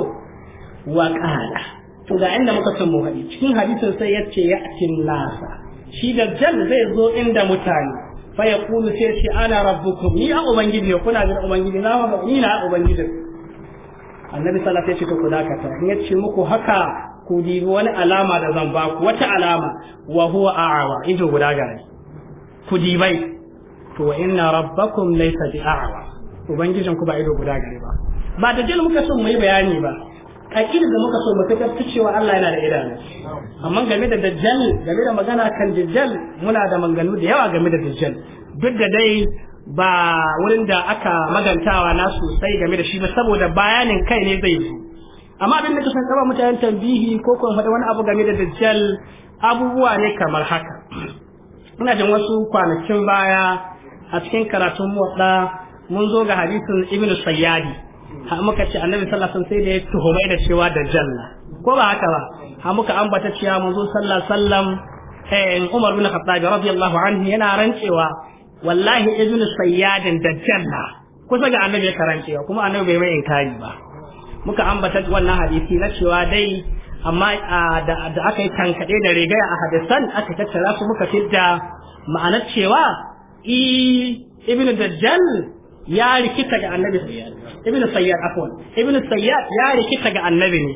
wa qala to ga inda muka san mu cikin hadisin sai yace ya akin nasa shi dajjal zai zo inda mutane fa kulu sai ce ana rabbukum ni a ubangiji ne, kuna jin ubangiji na ba ni na ubangiji annabi sallallahu alaihi wasallam ya ce ku dakata in yace muku haka ku di wani alama da zan ba ku wata alama wa huwa a'awa ido guda gari. ku bai to wa inna rabbakum laysa bi a'awa ubangijin ku ba ido guda gare ba ba da jin muka son mu yi bayani ba aqida da muka so muka tafi cewa Allah yana da idanu amma game da dajjal game da magana kan dajjal muna da manganu da yawa game da dajjal duk da dai ba wurin da aka magantawa na sosai game da shi ba saboda bayanin kai ne zai zo amma abin da kusan kaba mutanen tambihi ko kuma faɗa wani abu game da dajjal abubuwa ne kamar haka ina jin wasu kwanakin baya a cikin karatun motsa mun zo ga hadisin ibnu sayyadi ha muka ce annabi sallallahu alaihi wasallam sai da ya tuhumai da cewa da janna ko ba haka ba ha muka ambata cewa manzo sallallahu alaihi wasallam eh Umar bin Khattab radiyallahu anhu yana rancewa wallahi ibnu sayyadin da na kusa ga annabi ya karancewa kuma annabi bai mai inkari ba muka ambata wannan hadisi na cewa dai amma da aka yi tankaɗe da rigaya a hadisan aka tattara su muka fidda ma'anar cewa i ibnu dajjal ya rikita ga annabi ibn sayyad afwan ibn sayyad ya rikita ga annabi ne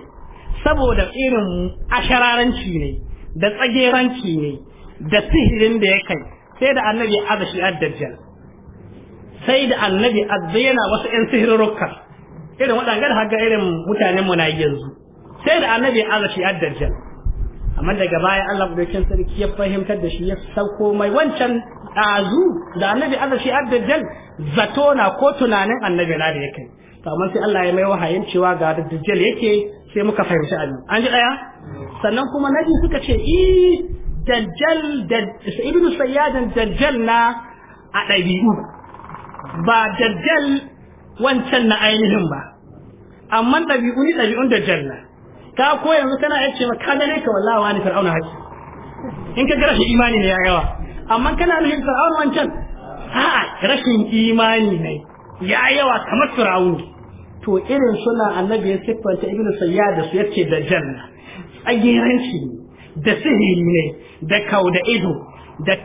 saboda irin ashararanci ne da tsageranci ne da sihirin da ya kai sai da annabi azashi shi dajjal sai da annabi azza yana wasu yan sihirarruka irin waɗanda har ga irin mutanen mu na yanzu sai da annabi azashi shi dajjal amma daga baya Allah sarki ya fahimtar da shi ya sauko mai wancan ɗazu da annabi Allah shi addajjal zato na ko tunanin annabi na da yake to amma sai Allah ya mai wahayin cewa ga dajjal yake sai muka fahimci abin an ji daya sannan kuma nabi suka ce i dajjal da ibnu sayyadan dajjal na a ɗabi'u ba dajjal wancan na ainihin ba amma ɗabi'u ni ɗabi'un dajjal na ka ko yanzu kana yace ma ka ne ka wallahi wani fir'auna haki in ka gara shi imani ne ya yawa amma kana nufin fir'aun wancan a'a rashin imani ne ya yawa kamar fir'aun to irin suna annabi ya siffanta ibnu sayyad da su yace da janna tsageranci da sihiri ne da kau da ido da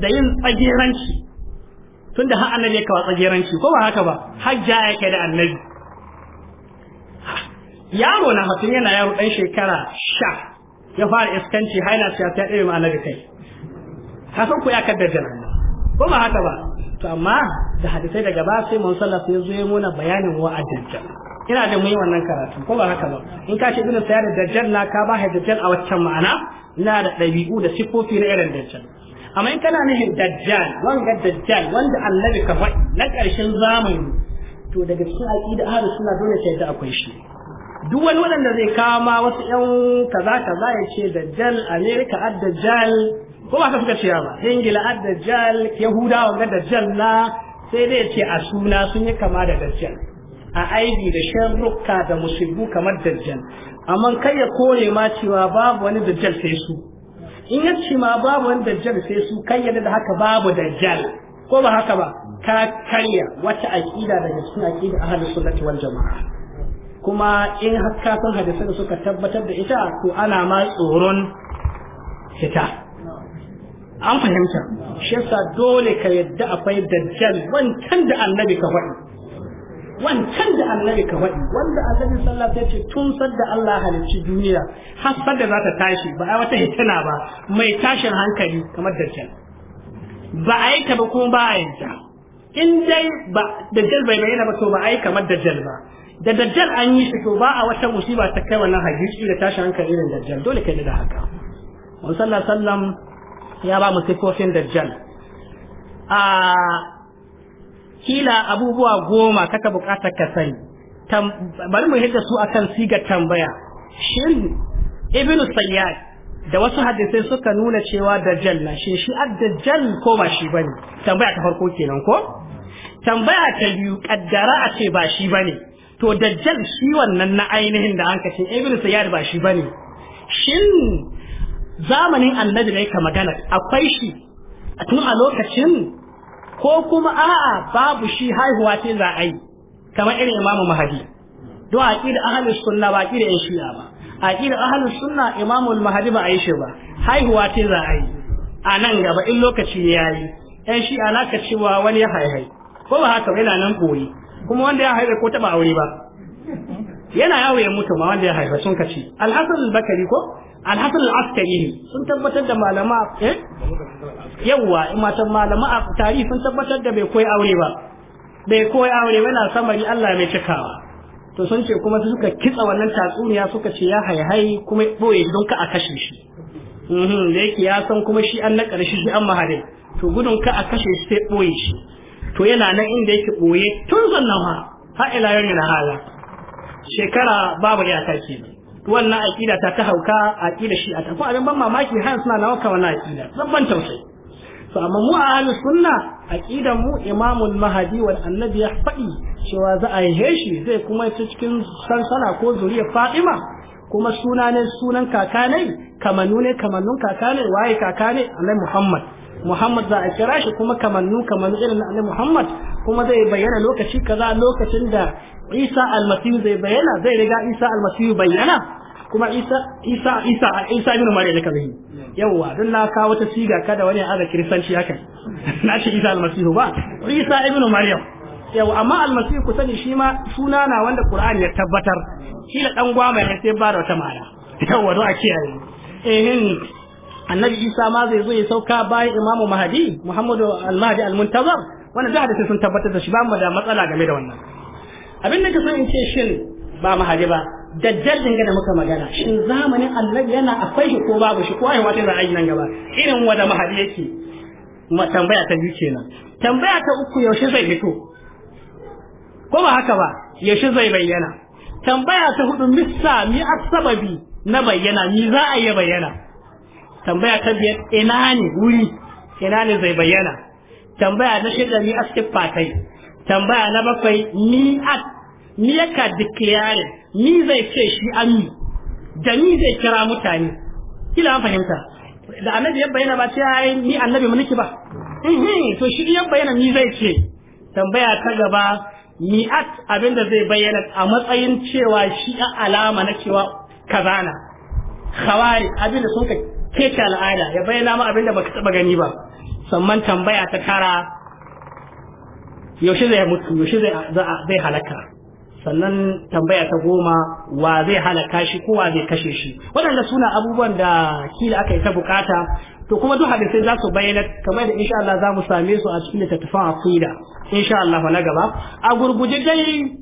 da yin tsageranci tunda har annabi ya kawo tsageranci ko ba haka ba hajja yake da annabi yaro na mutum yana yaro dan shekara sha ya fara iskanci haina ta ta irin annabi kai kasan ku ya kaddar nan ko ba haka ba to amma da hadisai daga ba sai mun sallah ya zo muna bayanin wa dajjal ina da muyi wannan karatu ko ba haka ba in ka ce ibn sayyid dajjal na ka ba dajjal a waccan ma'ana na da dabi'u da sifofi na irin dajjal amma in kana nihin dajjal wanga dajjal wanda annabi ka faɗi na ƙarshen zamani to daga cikin aqida ahlus sunna dole sai da akwai shi duk wani wanda zai kama wasu 'yan kaza kaza ya ce dajjal america ad dajjal ko ba ka suka ce ba ingila ad-dajjal yahudawa ga dajjal na sai dai ce a suna sun yi kama da dajjal a aibi da sharruka da musibbu kamar dajjal amma kai ya kore ma cewa babu wani dajjal sai su in ya ce ma babu wani dajjal sai su kai yadda da haka babu dajjal ko ba haka ba ka karya wata aqida daga cikin aqida ahlus sunnati wal jamaa kuma in haka san hadisan suka tabbatar da ita to ana ma tsoron fita an fahimta shi yasa dole ka yadda akwai dajjal wancan da annabi ka faɗi wancan da annabi ka faɗi wanda annabi sallallahu alaihi wasallam tun sadda Allah halicci duniya har sadda za ta tashi ba a wata hitana ba mai tashin hankali kamar dajjal ba a yi ta ba kuma ba a yi ta in dai ba dajjal bai bayyana ba to ba a yi kamar dajjal ba da dajjal an yi shi to ba a wata musiba ta kai wannan hadisi da tashin hankali da dajjal dole ka yi da haka wannan sallallahu alaihi wasallam ya ba mu sifofin dajjal a kila abubuwa goma kaka bukata ka sani bari mu hidda su akan siga tambaya shin ibn sayyad da wasu hadisai suka nuna cewa dajjal na shin shi ad-dajjal ko ba shi bane tambaya ta farko kenan ko tambaya ta biyu kaddara a ce ba shi bane to dajjal shi wannan na ainihin da an ce ibn sayyad ba shi bane shin zamanin annabi ne ka magana akwai shi a tun a lokacin ko kuma a'a babu shi haihuwa ce za a yi kamar irin imamu mahadi don a aqida ahlus sunna ba da yan shi ba a aqida ahlus sunna imamu mahadi ba a yi shi ba haihuwa ce za a yi a nan gaba in lokaci ya yi yan shi na ka cewa wani ya haihai ko ba haka yana nan koyi kuma wanda ya haihu ko taba aure ba yana yawo ya mutu ma wanda ya haifa sun kace alhasan al-bakari ko alhassan al'askari ne sun tabbatar da malama eh yawa matan malama a tarihi sun tabbatar da bai koyi aure ba bai koyi aure ba yana samari Allah mai cikawa to sun ce kuma suka kitsa wannan tatsuniya suka ce ya haihai kuma boye don ka a kashe shi mhm, da yake ya san kuma shi an na ƙarshe shi an mahadai to gudun ka a kashe shi sai boye shi to yana nan inda yake boye tun sannan ha ha ila yau na hala shekara babu ya take wannan aƙida ta ta hauka aƙida shi a ta abin ban mamaki har suna na hauka wannan aƙida zabban tausayi to amma mu a ahlus sunna aqidan mu imamul mahdi wal annabi ya faɗi cewa za a yi shi zai kuma ta cikin sansana ko zuriyar fatima kuma suna ne sunan kaka ne kamannu ne kamannun kaka ne waye kaka ne annabi muhammad muhammad za a kira shi kuma kamannu kamannu irin annabi muhammad kuma zai bayyana lokaci kaza lokacin da isa almasihu zai bayyana zai riga isa almasihu bayyana kuma isa isa isa isa ibn maryam kaza yi yawa don na kawo ta siga kada wani aza kiristanci haka [laughs] na shi isa almasihu ba isa ibn maryam yawa amma almasihu ku sani shi ma suna na wanda qur'ani ya tabbatar shi da dan gwama ya sai ba da wata mana. [laughs] yawa don a kiyaye Eh, annabi isa ma zai zo ya sauka bayan imamu Mahdi muhammadu al-mahdi al-muntazar wannan da hadisi sun tabbatar da shi ba mu da matsala game da wannan abin da ka so in ce shin ba mahadi ba dajjal dangane muka magana shin zamanin Allah yana akwai shi ko babu shi ko ai wata ra'ayi nan gaba irin wanda mahadi yake tambaya ta biyu kenan tambaya ta uku yaushe zai fito ko ba haka ba yaushe zai bayyana tambaya ta hudu missa mi asbabi na bayyana mi za a yi bayyana tambaya ta biyar ina ne wuri ina ne zai bayyana tambaya ta shida mi asifatai tambaya na bakwai ni at ni yaka declare ni zai ce shi ami da ni zai kira mutane kila an fahimta da annabi ya bayyana ba sai ni annabi mulki ba to shi ya bayyana ni zai ce tambaya ta gaba ni at abinda zai bayyana a matsayin cewa shi alama na cewa kazana khawari abinda sun ka keta al'ada ya bayyana ma abinda baka taba gani ba sannan tambaya ta tara yaushe zai mutu yaushe zai halaka sannan tambaya ta goma wa zai halaka shi ko wa zai kashe shi waɗanda suna abubuwan da kila aka yi ta bukata to kuma duk hadisi za su bayyana kamar da insha Allah za mu same su a cikin littattafan aqida insha Allah na gaba a gurguje dai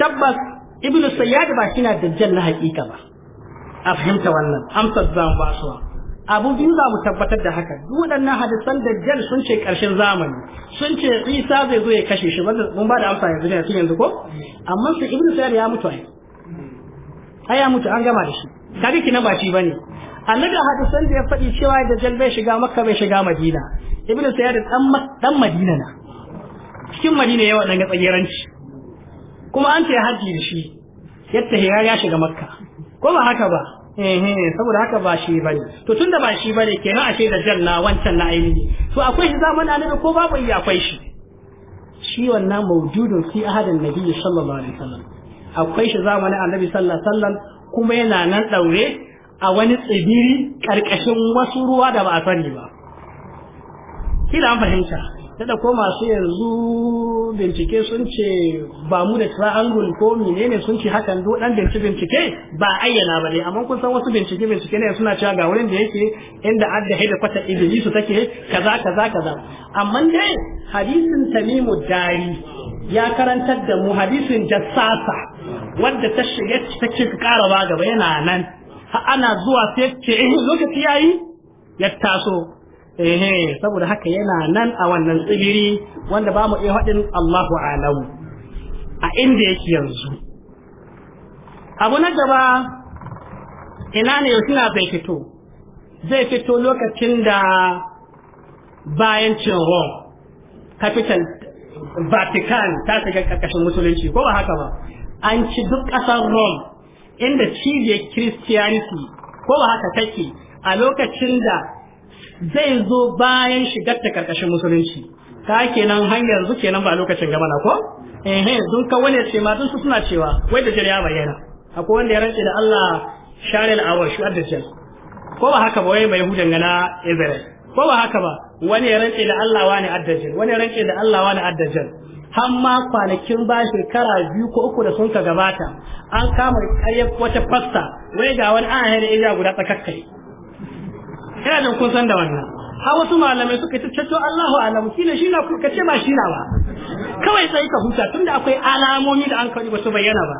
tabbas ibnu sayyad ba shi na dajjal na haƙiƙa ba a fahimta wannan amsar zan ba su abu biyu za mu tabbatar da haka duk waɗannan hadisan jan sun ce ƙarshen zamani sun ce isa zai zo ya kashe shi wanda mun ba da amsa yanzu ne yanzu ko amma sai ibnu sayyid ya mutu ai ai ya mutu an gama da shi kage kina ba shi bane annabi hadisan da ya faɗi cewa jan bai shiga makka bai shiga madina ibnu sayyid dan dan madina na cikin madina yawa dan ga tsageranci kuma an ce haji da shi yadda ya shiga makka ko ba haka ba Eh, saboda haka ba shi bane to tunda ba shi bane kenan ashe da janna wancan na ainihi to akwai shi zamanin annabi ko babu iya akwai shi shi wannan mawjudun fi ahadin nabi sallallahu alaihi wasallam akwai shi zamanin annabi sallallahu alaihi wasallam kuma yana nan daure a wani tsibiri karkashin wasu ruwa da ba a sani ba kila an fahimta da ko masu yanzu bincike sun ce ba mu da triangle ko menene sun ce hakan do dan bincike bincike ba ayyana ba ne. amma kun san wasu bincike bincike ne suna cewa ga wurin da yake inda adda haida kwata iblisu take kaza kaza kaza amma dai hadisin tamimu dari ya karantar da mu hadisin jassasa wanda ta shiga take karawa gaba yana nan ana zuwa sai ce eh, lokaci yayi ya taso ehe saboda haka yana nan a wannan tsibiri wanda ba mu iya haɗin Allahu alamu a inda yake yanzu abu na gaba ina ne yau suna zai fito zai fito lokacin da bayan cin ro capital Vatican ta shiga ƙarƙashin musulunci ko ba haka ba an ci duk ƙasar Rome inda cibiyar Christianity ko ba haka take a lokacin da zai zo bayan shigar ta karkashin musulunci ta kenan hanyar yanzu kenan ba lokacin gaba na ko eh eh dun ka wani ce ma dun su suna cewa wai da jira bayyana akwai wanda ya rance da Allah share sharil awash adajjal ko ba haka ba wai mai hudan gana Israel ko ba haka ba wani ya rance da Allah wani adajjal wani ya rance da Allah wani adajjal har ma kwanakin ba shekara biyu ko uku da sun ka gabata an kama karyar wata fasta wai ga wani an hanyar ija guda tsakakkai ina da kun san da wannan ha wasu malamai suka ce to Allahu alamu shine shi na ka ce ba shi na ba kawai sai ka huta tunda akwai alamomi da an kawo ba su bayyana ba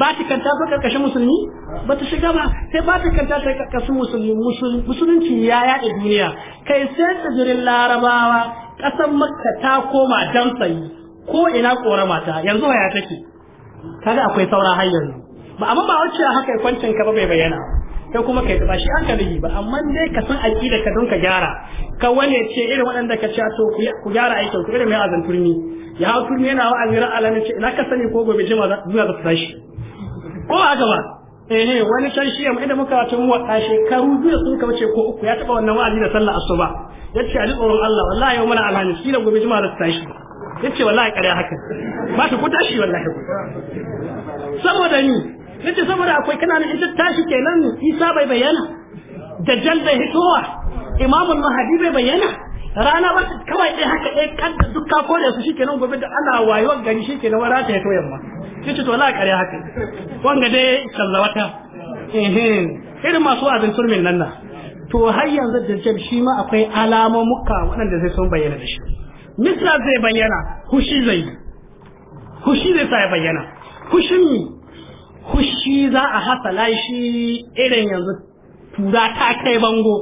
Vatican ta ba karkashin musulmi ba ta shiga ba sai ba ta ta karkashin musulmi musulunci ya yaɗa duniya kai sai jirin larabawa ƙasar makka ta koma damsayi ko ina korama ta yanzu ya take kaga akwai saura har yanzu ba amma ba wacce haka kwancin ka ba bai bayyana kai kuma kai ba shi an ka rigi ba amma dai ka san aqida ka don ka gyara ka wane ce irin waɗanda ka ci to ku gyara aikin ku irin mai azan turmi ya hau turmi yana wa azira alamin ce ina ka sani ko gobe jima zuwa za ta tashi ko haka ba eh wani shan shi amma idan muka ta mu wata shekaru biyu sun ka wuce ko uku ya taba wannan wa'azi da sallar asuba yace ali tsoron Allah wallahi yau muna alhamis da gobe jima za ta tashi yace wallahi kare haka ba ta ku tashi wallahi saboda ni nace saboda akwai kana in ta tashi kenan isa bai bayyana dajjal bai hitowa imamul mahdi bai bayyana rana ba kawai dai haka dai kadda duka ko da su shikenan gobe da ana wayo gari shikenan wara ta hito yamma kace to wallahi kare haka wanga dai sallawata eh eh irin masu azin turmin nan to har yanzu dajjal shi ma akwai alamomuka waɗanda zai sun bayyana da shi misra zai bayyana hushi zai hushi zai sa ya bayyana hushin kushi za a hasala shi irin yanzu tura ta kai bango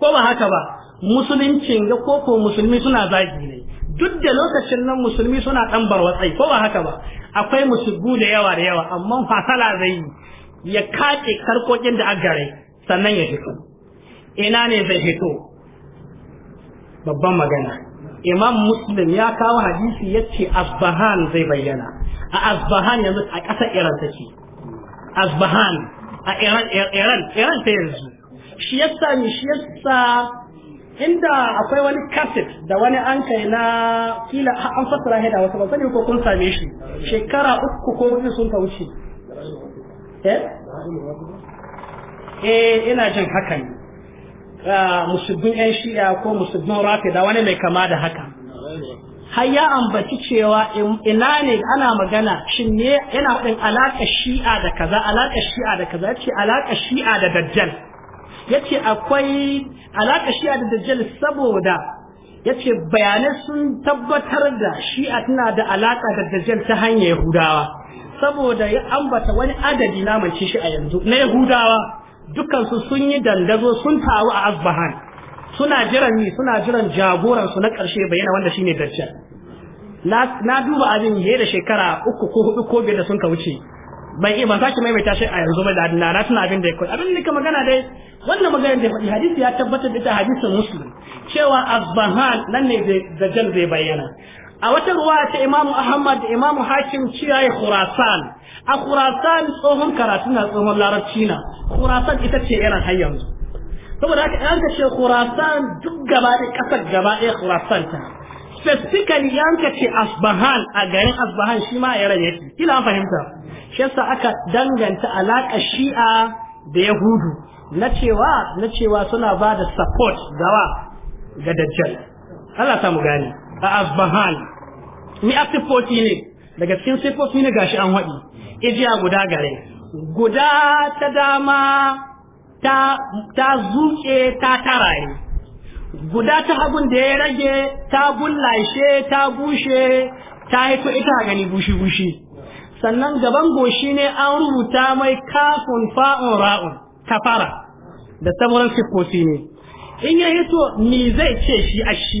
ko ba haka ba musuluncin ga koko musulmi suna zagi ne duk da lokacin nan musulmi suna dan barwatsai ko ba haka ba akwai musulgu da yawa da yawa amma fasala zai yi ya kace karkokin da agare sannan ya fito ina ne zai fito babban magana imam muslim ya kawo hadisi ya ce asbahan zai bayyana a asbahan yanzu a ƙasar iran take asbahan a iran iran iran ta yanzu shi yasa shi yasa inda akwai wani kaset da wani an kai na kila an fassara da wasu ba sani ko kun same shi shekara uku ko wuce sun ta wuce eh ina jin haka ne ah, musubbin yan shi'a ko musubbin rafi da wani mai kama da haka har ya ambaci cewa ina ne ana magana shin ne yana faɗin alaƙa shi'a da kaza alaƙa shi'a da kaza yace alaƙa shi'a da dajjal yace akwai alaƙa shi'a da dajjal saboda yace bayanai sun tabbatar da shi'a tana da alaƙa da dajjal ta hanyar yahudawa saboda ya ambata wani adadi na mace shi a yanzu na yahudawa dukansu sun yi dandazo sun taru a asbahan suna jiran ni suna jiran jagoran su na karshe bayyana wanda shine dajjal na duba abin yayin da shekara uku ko hudu ko biyar da sun ka wuce ban iya ban sake maimaita shi a yanzu ba da na na tuna abin da ya kai abin da ka magana dai wannan magana da faɗi hadisi ya tabbatar da ta hadisin muslim cewa azbahan nan ne da dajjal zai bayyana a wata ruwa ta imamu ahmad da imamu hakim ciyaye khurasan a khurasan tsohon karatu na tsohon larabci na khurasan ita ce irin har yanzu saboda haka yankace ce khurasan duk gaba da ƙasar gaba ɗaya khurasan ta specifically yankace ce asbahan a garin asbahan shi ma ya rage kila an fahimta shi yasa aka danganta alaƙa shi'a da yahudu na cewa na cewa suna ba da support gawa ga dajjal Allah ta mu gani a asbahan ni a ne daga cikin sifofi ne gashi an waɗi ijiya guda gare guda ta dama ta ta zuke ta taraye guda ta abun da ya rage ta bullashe ta bushe ta haifo ita gani bushi bushi sannan gaban goshi ne an rubuta mai kafin fa'un ra'un kafara da sauran siffofi ne in ya hito ni zai ce shi a shi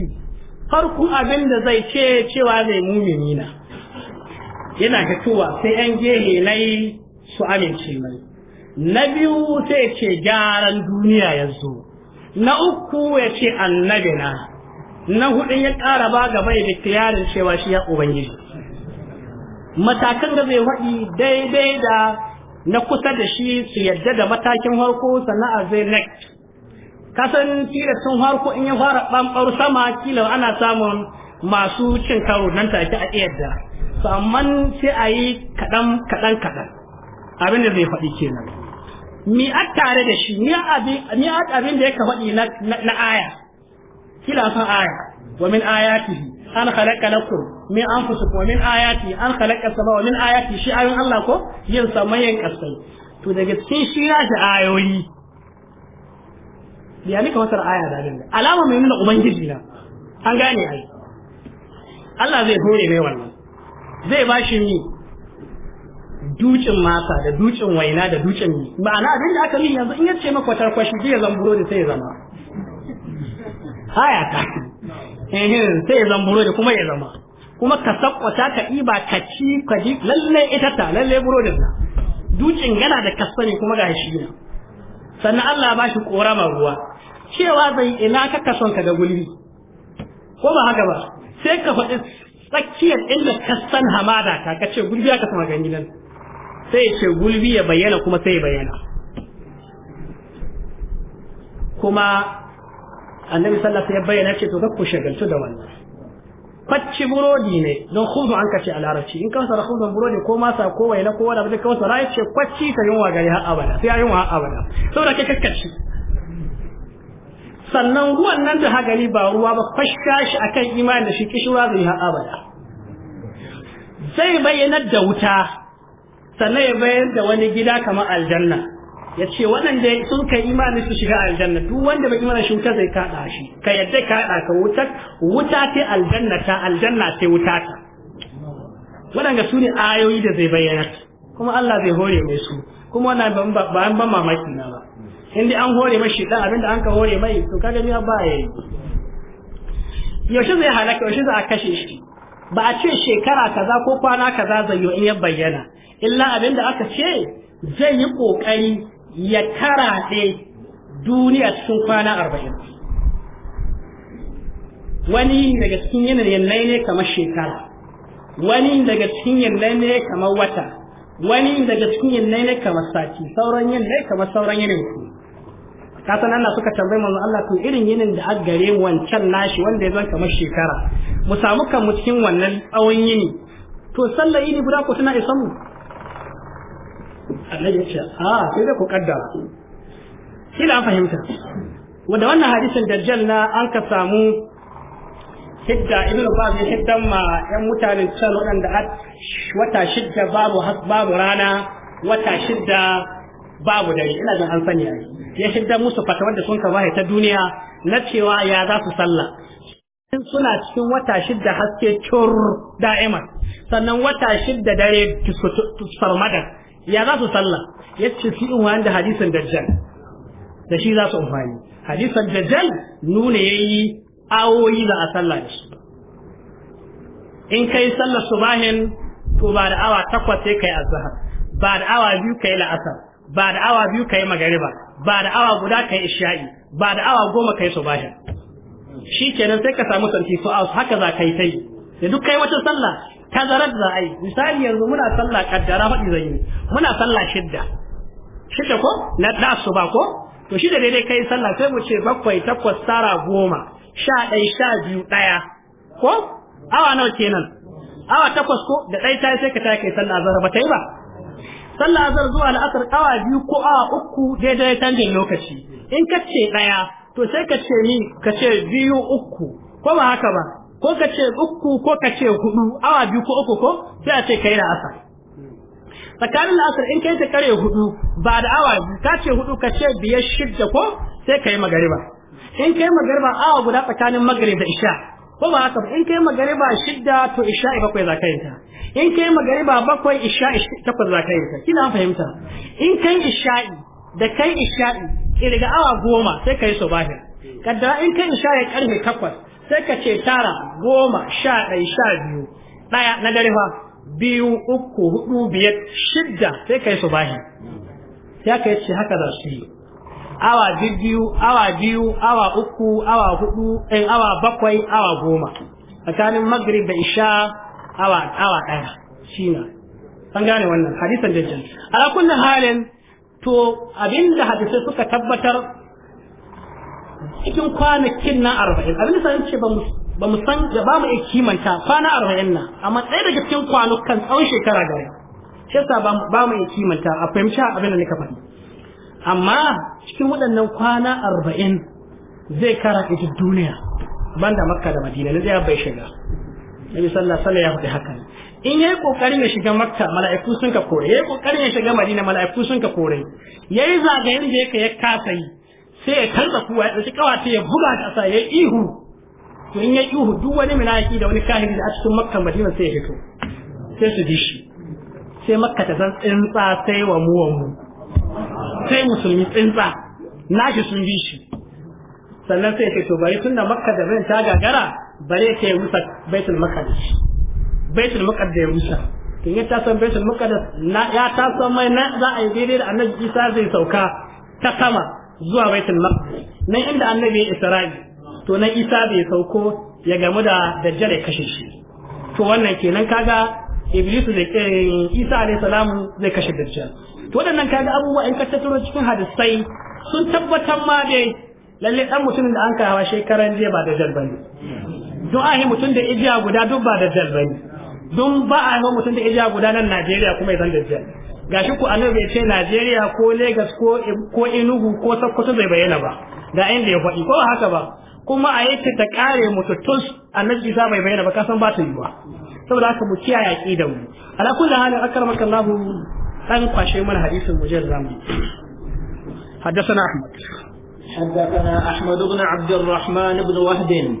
farko abin da zai ce cewa zai mumini na yana hitowa sai yan gehe na yi su amince mai na biyu sai ce gyaran duniya yanzu na uku ya ce annabina na hudu ya ƙara ba gaba da tiyarin cewa shi ya ubangiji matakan da zai haɗi daidai da na kusa da shi su yadda da matakin harko sana'a zai nek kasan da sun harko in ya fara ɓamɓar sama kila ana samun masu cin karo nan take a yadda to sai a yi kaɗan kaɗan kaɗan abin da zai faɗi kenan mi a tare da shi mi a abin da yake faɗi na aya kila san aya wa min ayatihi an khalaqa lakum min anfusikum wa min ayati an khalaqa sama wa min ayati shi ayoyin Allah ko yin samayen kasai to daga cikin shi ya shi ayoyi ya nika wata aya da nan alama mai nuna ubangiji na an gane ai Allah zai hore mai wannan zai bashi ni. ducin masa da ducin waina da ducin mi ma'ana abin da aka min yanzu in yace maka kwatar kwashi zai zan burodi sai ya zama haya ta eh sai ya zan burodi kuma ya zama kuma ka sakwata ka iba ka ci ka ji lalle ita ta lalle burodin na ducin yana da kasani kuma ga shi ne sannan Allah ba shi korama ruwa cewa zai ina ka kason ka ga gulbi ko ba haka ba sai ka faɗi tsakiyar inda ka hamada ka, ka ce gulbi aka sama nan? sai ce gulbi ya bayyana kuma sai bayyana kuma annabi sallallahu alaihi wasallam ya bayyana ce to ka ku shagaltu da wannan facci burodi ne don khudu an kace a larabci in ka sara khudun burodi ko masa ko waina ko wani abu da ka sara ya ce kwacci ta yunwa gari har abada sai ya yunwa har abada saboda kai kakkaci sannan ruwan nan da hagari ba ruwa ba fashka shi akan imani da shi kishura zai har abada zai bayyana da wuta sannan ya bayar da wani gida kamar aljanna ya ce waɗanda sun kai imani su shiga aljanna duk wanda bai imani shi wuta zai kaɗa shi ka yadda ka kaɗa ka wuta wuta ce aljanna ta aljanna ce wuta ta waɗanda su ne ayoyi da zai bayyana kuma Allah zai hore mai su kuma wannan ba an ban mamaki na ba in dai an hore mai shi dan abinda an ka hore mai to kaga ya ba yayi yaushe zai halaka yaushe za a kashe shi ba a ce shekara kaza ko kwana kaza zai yi in ya bayyana illa abin da aka ce zai yi kokari ya karaɗe duniya cikin kwana arba'in wani daga cikin yanayin ne kamar shekara wani daga cikin yanayin ne kamar wata wani daga cikin yanayin ne kamar sati sauran yanayi kamar sauran yanayi ka san Allah suka tambayi manzo Allah to irin yinin da aka gare wancan nashi wanda ya zan kamar shekara mu samu kan mu cikin wannan tsawon yini to sallar yini guda ko tana isa mu Allah ya ce a sai da ku kaddara shi da fahimta wanda wannan hadisin dajjal na an ka samu hidda ibnu baz ya hiddan ma yan mutanen can waɗanda wata shidda babu babu rana wata shidda babu dare ina jin an sani ai ya shiddar musu fata wanda sun ka ta duniya na cewa ya za su sallah suna cikin wata shidda haske cur da'iman sannan wata shidda dare sarmadan ya za su sallah ya ce fi in da hadisin dajjal da shi za su amfani hadisin dajjal nuna yayi awoyi za a sallah da su. in kai sallar subahin to ba da awa takwas sai kai azhar ba da awa biyu kai la'asar ba da awa biyu ka yi magariba ba ba da awa guda ka yi isha'i ba da awa goma ka kai subahi shikenan sai ka samu santi ko haka za ka yi ta yi. da duk kai wata sallah tazarar za a yi misali yanzu muna sallah kaddara faɗi zan yi muna sallah shidda shidda ko na da ba ko to shidda daidai kai sallah sai mu ce bakwai takwas tara goma sha ɗaya sha biyu ɗaya ko awa nawa kenan awa takwas ko da ɗaya ta sai ka ta kai sallah zara ba ta yi ba sallah azhar zuwa al'asar awa biyu ko awa uku daidai canjin lokaci in ka ce daya to sai ka ce ni ka ce biyu uku ko ba haka ba ko ka ce uku ko ka ce hudu awa biyu ko uku ko sai a ce kai da asar tsakanin asar in kai ta kare hudu ba da awa biyu ka ce hudu ka ce biyar shidda ko sai kai magariba in kai magariba awa guda tsakanin magariba da isha ko ba haka in kai magariba shidda to isha'i bakwai za ka yi ta in kai magariba bakwai isha'i takwas za ka yi ta kina fahimta in kai isha'i da kai isha'i kirga awa goma sai ka yi subahin kaddara in kai isha'i karfe takwas sai ka ce tara goma sha ɗaya sha biyu ɗaya na dare fa biyu uku hudu biyar shidda sai ka yi subahin sai ka yi ce haka za su yi awa biyu awa biyu awa uku awa hudu ɗan eh, awa bakwai awa goma tsakanin magrib da isha awa awa ɗaya shi na an gane wannan hadisan dajjal ala kulli halin to abinda hadisai suka tabbatar cikin kwanakin na arba'in abinda sai ce ba mu ba mu san da ba mu iya kimanta kwana arba'in na amma ɗaya daga cikin kwanukan tsawon shekara gare shi yasa ba mu iya kimanta a fahimci abin da nika faɗi amma cikin waɗannan kwana arba'in zai kara ita duniya da makka da madina na zai bai shiga nabi sallallahu alaihi ya faɗi haka in yayi kokarin ya shiga makka mala'iku sun ka kore yayi kokarin ya shiga madina mala'iku sun ka kore yayi zagayen da yake ya kasa yi sai ya tarba kuwa ya dauki kawace ya buga sa yayi ihu to in yayi ihu duk wani munafiki da wani kahiri da a cikin makka madina sai ya fito sai su dishi sai makka ta san tsuntsa sai wa mu wa mu sai musulmi tsinsa nashi sun bi shi sannan sai ya to bari da makka da zan ta gagara bare ta ya rusa baitul maqdis baitul maqdis ya rusa in ya san baitul maqdis ya san mai na za a yi daidai da annabi Isa zai sauka ta sama zuwa baitul maqdis nan inda annabi ya isra'i to na Isa bai sauko ya gamu da dajjal ya kashe shi to wannan kenan kaga iblis da Isa alayhi salamu zai kashe dajjal to waɗannan kaga abubuwa in ka tattaro cikin hadisai sun tabbatar ma dai lalle dan mutumin da an kawo shekaran jiya ba da jalbani don ahi mutum da ijiya guda duk ba da jalbani don ba a yi mutum da ijiya guda nan Najeriya kuma ya zan da jalbani gashi ku annabi bai ce Najeriya ko Lagos ko ko Enugu ko Sokoto bai bayyana ba ga inda ya faɗi ko haka ba kuma a yake ta kare mututus annabi Isa bai bayyana ba kasan ba ta yi ba. saboda haka mu kiyaye aqidan mu ala kulli halin akramaka Allahu an قاشي من حديث mujer حدثنا أحمد حدثنا أحمد بن عبد الرحمن بن وهد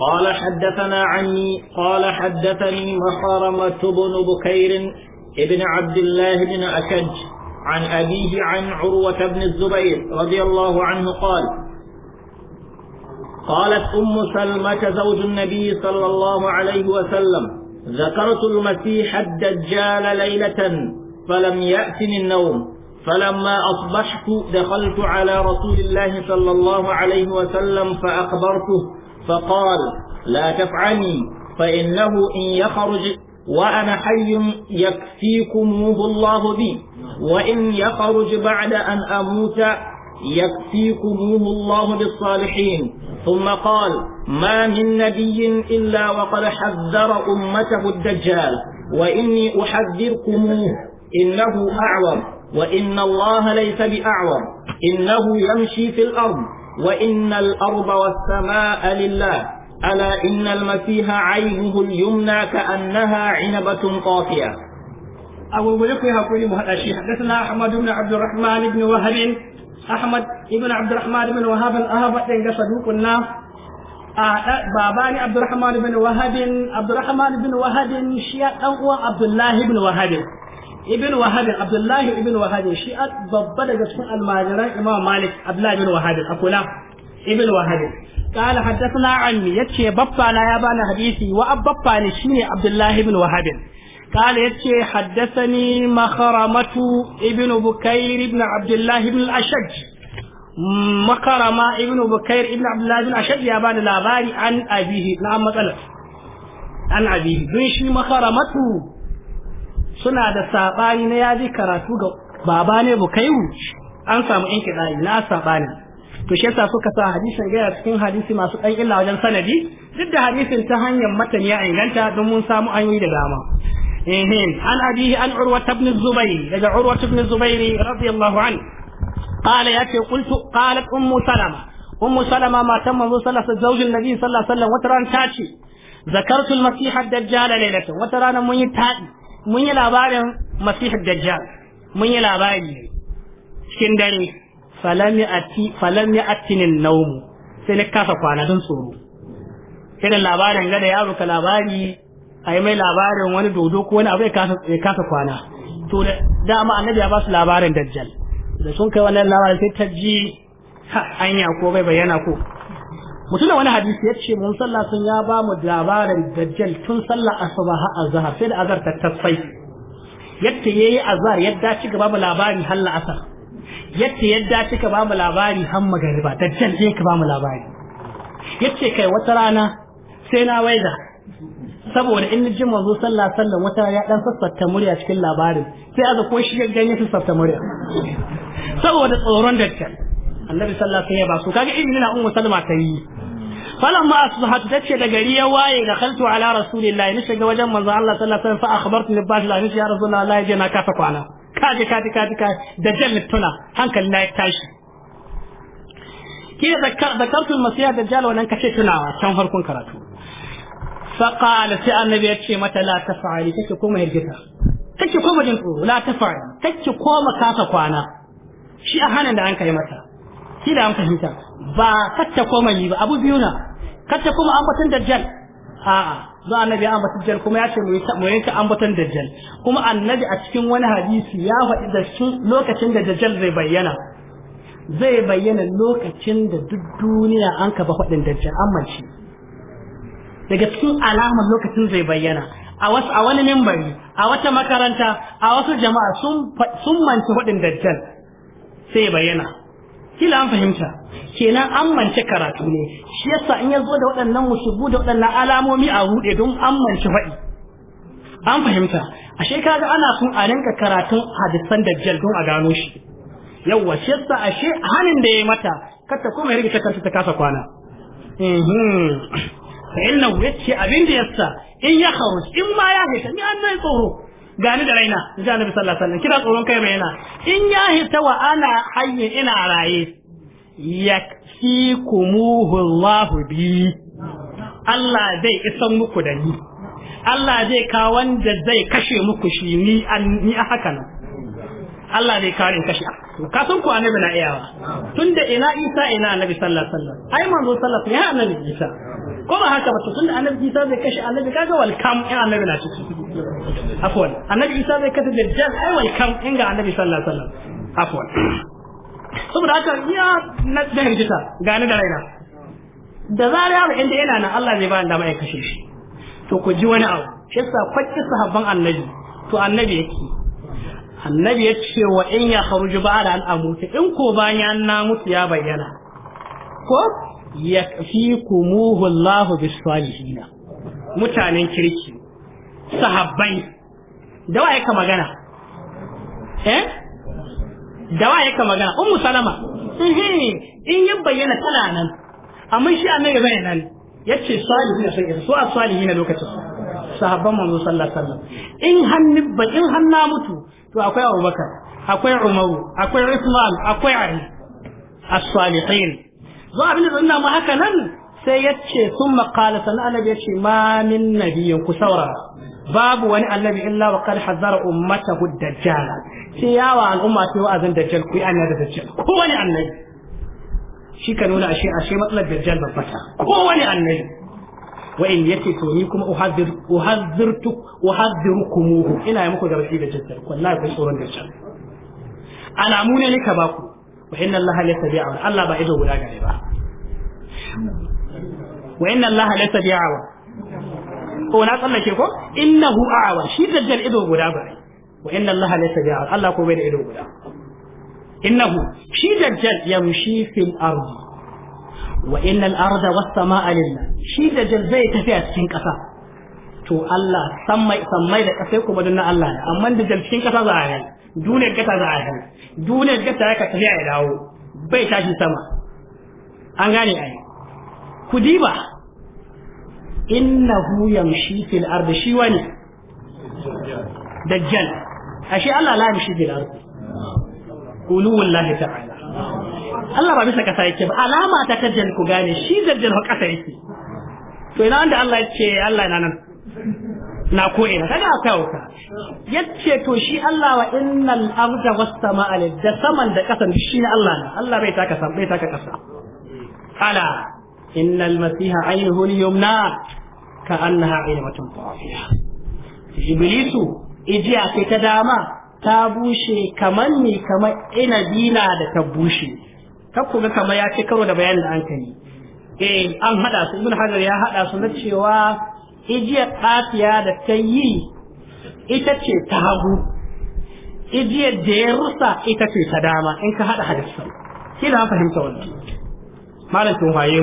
قال حدثنا عني قال حدثني مخرمة بن بكير ابن عبد الله بن أكج عن أبيه عن عروة بن الزبير رضي الله عنه قال قالت أم سلمة زوج النبي صلى الله عليه وسلم ذكرت المسيح الدجال ليلة فلم يأتني النوم فلما أصبحت دخلت على رسول الله صلى الله عليه وسلم فأخبرته فقال لا تفعلي فإنه إن يخرج وأنا حي يكفيكموه الله بي وإن يخرج بعد أن أموت يكفيكموه الله بالصالحين ثم قال ما من نبي إلا وقد حذر أمته الدجال وإني أحذركموه إنه أعور وإن الله ليس بأعور إنه يمشي في الأرض وإن الأرض والسماء لله ألا إن المسيح عينه اليمنى كأنها عنبة قافية أبو بكر يقول مهد الشيخ حدثنا أحمد بن عبد الرحمن بن وهب أحمد بن عبد الرحمن بن وهب الأهبط إن آه، باباني عبد الرحمن بن وهب عبد الرحمن بن وهب شيخ dan عبد الله بن وهب ibn wahab abdullahi ibn wahab shi babba daga cikin almajiran imam malik abdullahi ibn wahab akula ibn wahab قال حدثنا عني يتشي بابا لا يبانا حديثي وأبابا نشيني عبد الله بن وهب قال يتشي حدثني مخرمة ابن بكير ابن عبد الله بن الأشج مخرمة ابن بكير ابن عبد الله بن الأشج يبان لاباري عن أبيه نعم مثلا عن أبيه دون شي مخرمته suna da sabani na yaji karatu ga baba ne an samu in kidai na sabani to shi yasa suka sa hadisin gaya cikin hadisi masu dan illa wajen sanadi duk da hadisin ta hanyar matan ya inganta don mun samu an da dama an abihi an urwa ibn zubair daga urwa ibn zubair radiyallahu an قال يأتي قلت قالت أم سلمة أم سلمة ما تم منذ ثلاث زوج النبي صلى الله عليه وسلم وترى تاتي ذكرت المسيح الدجال ليلة وترانا من يتاتي mun yi labarin masihu dajjal mun yi labari cikin dare falami ati atinin naumu sai na kasa kwana don tsoro irin labarin gada yaro ka labari a yi mai labarin wani dodo ko wani abu ya kasa kwana to da dama annabi ya ba su labarin dajjal da sun kai wannan labarin sai ta ji ha anya ko bai bayyana ko mutum da wani hadisi ya ce mun sallah sun ya ba mu labarin dajjal tun sallah asuba har azhar sai da azhar ta tafai yadda yayi azhar yadda ci gaba mu labari har la'asar yadda yadda ci gaba mu labari har magariba dajjal sai ka ba mu labari yace kai wata rana sai na waiza. saboda in ji manzo sallah sallan wata ya dan sassafta murya cikin labarin sai aza ko shi gaggan ya sassafta murya saboda tsoron dajjal annabi sallallahu alaihi wasallam ba su kaga ibnu na ummu salma ta yi falamma asbahat tace da gari ya waye da khaltu ala rasulillahi ni shiga wajen manzo Allah sallallahu alaihi wasallam fa akhbartu ni bashi la ni ya rasulullahi jana ka ta kwana kaje kaje kaje ka da jan mituna hankali na tashi kina zakartu almasiha dajjal wa nan kace tunawa can farkon karatu faqala sai annabi ya ce mata la tafali kake koma hirgita kake koma jin tsoro la tafali kake koma kasa kwana shi a hanan da an kai mata kila an fahimta ba katta koma yi ba abu biyu na katta koma ambaton dajjal a'a zo annabi ya ambaton dajjal kuma ya ce mu yanka ambaton dajjal kuma annabi a cikin wani hadisi ya faɗi da shi lokacin da dajjal zai bayyana zai bayyana lokacin da duk duniya an ka ba faɗin dajjal an mace. daga cikin alamar lokacin zai bayyana a wasu a wani mimbari a wata makaranta a wasu jama'a sun sun mance faɗin dajjal sai bayyana kila an fahimta kenan an mance karatu ne shi yasa in yazo da waɗannan musubu da waɗannan alamomi a hude don an mance faɗi an fahimta a kaga ana son a rinka karatun hadisan dajjal don a gano shi yawa shi yasa ashe hanin da yayi mata kata kuma ya ta kanta ta kasa kwana mhm fa innahu yace abin da yasa in ya kharuj in ma ya hita ni nan tsoro gani da raina in ji annabi sallallahu alaihi wasallam tsoron kai raina in ya hita wa ana hayyin ina raye yakfikumuhu Allah bi Allah zai isan muku da ni Allah zai ka wanda zai kashe muku shi ni an ni haka nan Allah zai in kashe ka san ku annabi na iyawa tunda ina Isa ina annabi sallallahu alaihi wasallam ai manzo sallallahu alaihi wasallam ya annabi Isa ko ba haka ba tunda annabi Isa zai kashe annabi kaga wal kam annabi na ciki afwan annabi isa zai kasa da ai wal kam inga annabi sallallahu alaihi wasallam afwan saboda haka ya na da hirgita ga ni da raina da zarar yaro inda yana nan Allah zai ba ni dama ya kashe shi to ku ji wani abu shi yasa kwakki sahabban annabi to annabi yake annabi ya ce wa in ya kharuju ba'da an amutu in ko bayan na mutu ya bayyana ko yakfikumuhu Allahu bis salihin mutanen kirki sahabbai da wa yaka magana eh da wa yaka magana ummu salama in ya bayyana tana nan amma shi annabi bai nan yace salihu ne a su asalihi ne lokacin sahabban manzo sallallahu alaihi wasallam in hannu ba in hanna mutu to akwai abubakar akwai umaru akwai usman akwai ali as-salihin zo abin da ina ma haka nan sai yace sun qala sana annabi yace ma min nabiyyin ku saura. babu wani annabi illa wa qad hazara ummatahu dajjal sai yawa al'umma sai wa'azin dajjal ku annabi da dajjal ko wani annabi shi ka nuna ashe ashe matsalar dajjal babbata ko wani annabi wa in yake to ni kuma uhaddir uhazzirtu uhaddirukumuhu ina yi muku garbi da dajjal wallahi kun tsoron dajjal mune ne ka baku wa inna allaha laysa bi'a Allah ba ido guda gare ba wa inna allaha laysa bi'a ko na tsallake ko innahu a'wa shi dajjal ido guda ba wa inna allaha laysa Allah ko bai da ido guda innahu shi dajjal yamshi fil wa inna al-arda was-samaa lillah shi dajjal zai cikin ƙasa to Allah sammai sammai da ƙasai kuma dunna Allah ne amma dajjal cikin za a yi duniyar gata za a yi duniyar gata ya ya dawo bai tashi sama an gane ai innahu yamshi fil ardi shi wani dajjal ashe Allah la yamshi fil ardi qulu wallahi ta'ala Allah ba bisa kasa yake ba alama ta dajjal ku gane shi dajjal kasa yake to ina wanda Allah ya ce Allah yana nan na ko ina kaga kawo ka yace to shi Allah wa innal arda was samaa da saman da kasan shi ne Allah ne Allah bai taka san bai taka kasa ala innal masiha ainihu yumna ka annaha ilmatun tawafiya iblisu ajiya ce ta dama ta bushe kamar ne kamar inabina da ta bushe ta kuma kamar ya ce karo da bayanin da an kani eh, an hada su ibn su na cewa ijiyar tsafiya da ta yi ita ce ta hagu da ya rusa ita ce ta dama in ka fahimta waye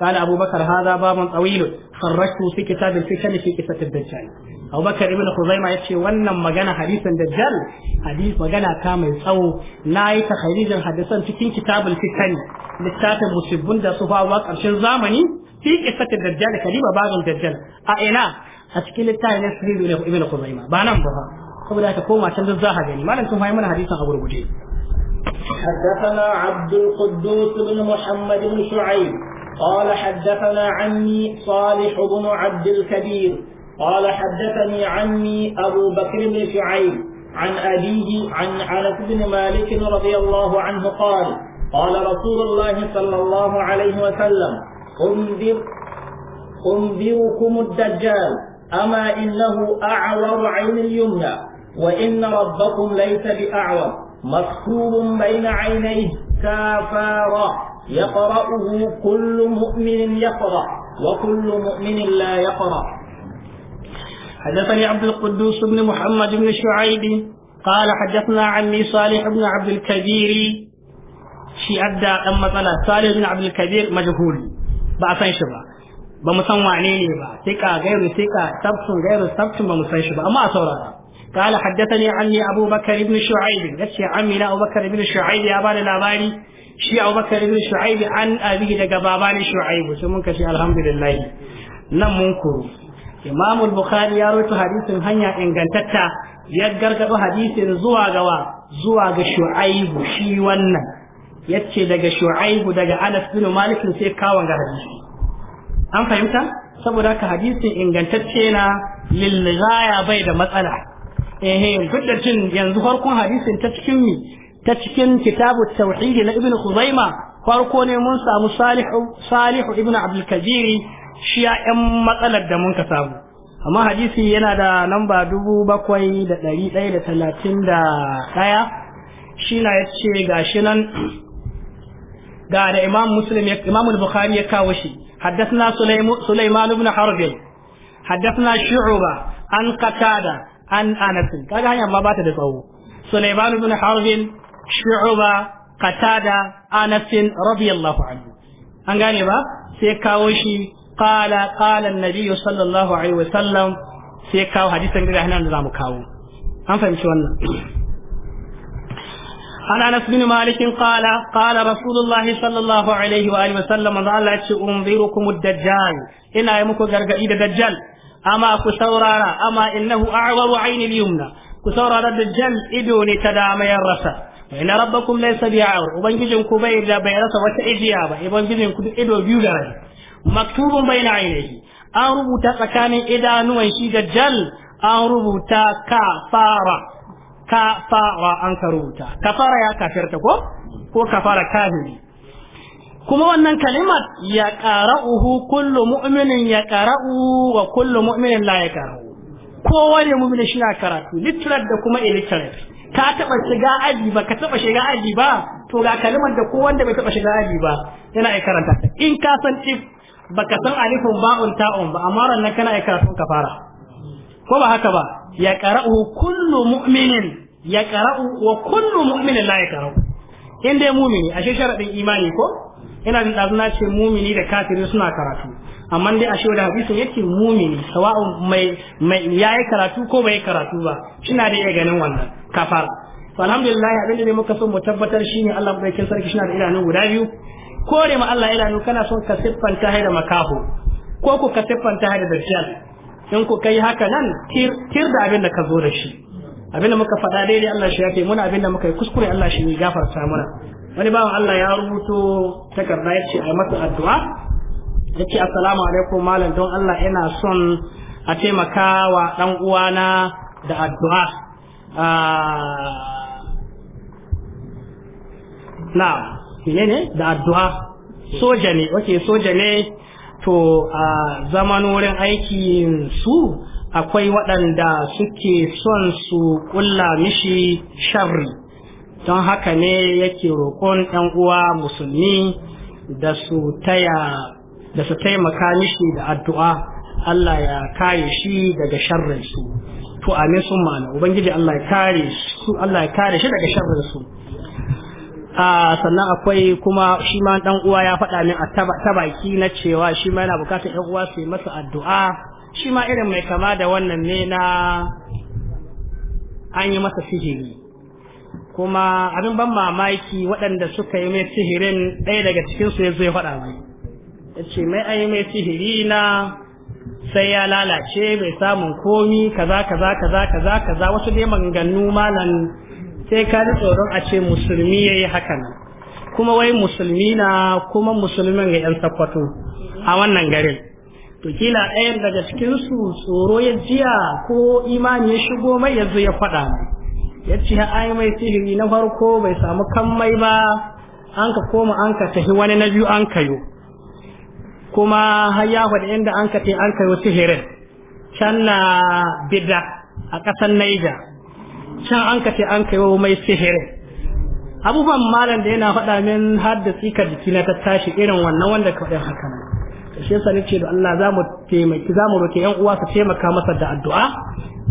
قال أبو بكر هذا باب طويل خرجته في كتاب الفتن في قصة الدجال أبو بكر ابن خزيمة يتشي ونن مجانا حديث الدجال حديث مجانا كامل أو ناي تخريج حديثا في كتاب الفتن لكتاب مسبون دا صفا وقت أرشل زامني في قصة الدجال كلمة بعض الدجال أئنا أتكلم التاني نسري ابن خزيمة بانام بها saboda haka koma can duk za ka gani malam sun fahimta mana hadisin a gurguje حدثنا عبد القدوس بن محمد بن شعيب قال حدثنا عمي صالح بن عبد الكبير قال حدثني عمي أبو بكر بن شعيب عن أبيه عن أنس بن مالك رضي الله عنه قال قال رسول الله صلى الله عليه وسلم أنذر أنذركم الدجال أما إنه أعور عين اليمنى وإن ربكم ليس بأعور مكتوب بين عينيه كافارا يقرأه كل مؤمن يقرأ وكل مؤمن لا يقرأ حدثني عبد القدوس بن محمد بن شعيب قال حدثنا عني صالح بن عبد الكبير شيء أدى أما صالح بن عبد الكبير مجهول بأسان شبا بمسان وعنيني با سيكا غير سيكا سبسن غير سبسن بمسان شبا أما أصورا قال حدثني عني أبو بكر بن شعيب يسي عمي لا أبو بكر بن شعيب يا بالي لا بالي shi Abubakar ibn Shu'aib an abi daga baba ne Shu'aib sai mun kace alhamdulillah nan mun kuru Imam al-Bukhari ya rawaito hadisin hanya ingantatta ya gargado hadisin zuwa gawa zuwa ga shi wannan yace daga Shu'aibu daga Anas bin Malik sai kawon ga hadisi an fahimta saboda haka hadisin ingantacce na lil bai da matsala eh duk yanzu farkon hadisin ta cikin mi ta cikin kitabu tauhidi na ibn khuzaima farko ne mun samu salihu salihu ibn abdul shi ya yan matsalar da mun ka samu amma hadisi yana da lamba dubu bakwai da ɗari ɗaya da talatin da ɗaya shi na ya ce ga shi nan ga da imam muslim imam bukhari ya kawo shi حدثنا سليمان بن حرب حدثنا an عن قتادة عن أنس كذا هي ما da tsawo سليمان بن حرب shu'uba qatada anas radiyallahu anhu an gane ba sai kawo shi qala qala an-nabi sallallahu alaihi wasallam sai kawo hadisin da hanan da zamu kawo an fahimci wannan عن انس بن مالك قال قال رسول الله صلى الله عليه واله وسلم ان الله انذركم الدجال ان يمكو غرغدي الدجال اما كسورارا اما انه اعور عين اليمنى كسورارا الدجال ادوني تدام يرسا ina rabbakum laysa bi'ar ubangijin ku bai da bai rasa wata ijiya ba ubangijin ku duk ido biyu da rai maktubun baina ainihi an rubuta tsakanin idanuwan shi da jal an rubuta kafara kafara an ka rubuta kafara ya kafirta ko ko kafara kafiri kuma wannan kalimar ya qara'uhu kullu mu'minin ya qara'u wa kullu mu'minin la ya qara'u kowane mu'mini shi na karatu literate da kuma illiterate ka taɓa shiga aji ba ka taɓa shiga aji ba to ga kalimar da ko wanda bai taba shiga aji ba yana ai karanta ta in ka san if baka san alifun ba'un ta'un ba amma ran kana ai karatun ka fara ko ba haka ba ya qara'u kullu mu'minin ya qara'u wa kullu mu'minin la yaqra'u in dai mu'mini ashe sharadin imani ko ina jin dazuna ce mu'mini da kafiri suna karatu amma dai a shi wani hadisin yake mumini sawa'u mai mai yayi karatu ko bai karatu ba shina da iya ganin wannan kafar to alhamdulillah abin da muka so mu tabbatar shine Allah bai kin sarki shina da idanu guda biyu kore ma Allah idanu kana son ka siffanta da makaho ko ku ka siffanta da dajjal in ku kai haka nan kir da abin da ka zo da shi abin da muka faɗa daidai Allah shi ya kai muna abin da muka yi kuskure Allah shi ya gafarta mana wani bawan Allah ya rubuto takarda ya ce a masa addu'a ya ce assalamu alaikum malam don Allah ina son a taimaka wa ɗan uwana da addu'a ah, na ne da addu'a soja ne wake soja ne to a zaman wurin aikin su akwai waɗanda suke son su ƙulla mishi sharri don haka ne yake roƙon uwa musulmi da su taya da su taimaka mishi da addu'a Allah ya kare shi daga sharrin su to amin sun mana ubangiji Allah ya kare su Allah ya kare shi daga sharrin su a sannan akwai kuma shi ma dan uwa ya faɗa min a tabaki na cewa shi ma yana bukatar ɗan uwa su yi masa addu'a shi ma irin mai kama da wannan ne na an yi masa sihiri kuma abin ban mamaki waɗanda suka yi mai sihirin ɗaya daga cikinsu ya zo ya faɗa mai ya ce mai ayi mai sihiri na sai ya lalace bai samun komi kaza kaza kaza kaza kaza wasu dai maganganu malam sai ka ji tsoron a ce musulmi ya yi hakan kuma wai musulmi na kuma musulmin ga 'yan sakwato a wannan garin to kila ɗayan daga su tsoro ya jiya ko imani ya shigo mai yanzu ya faɗa ya ce ai mai sihiri na farko bai samu kammai ba an ka koma an ka tafi wani na biyu an kayo kuma har ya faɗi inda an ka an kai wasu herin can na bida a ƙasar naija can an ka an kai mai sihirin abubuwan malam da yana faɗa min har da tsika jiki na ta irin wannan wanda ka faɗin haka nan shi yasa nace da Allah za mu taimaki za mu roke yan uwa su taimaka masa da addu'a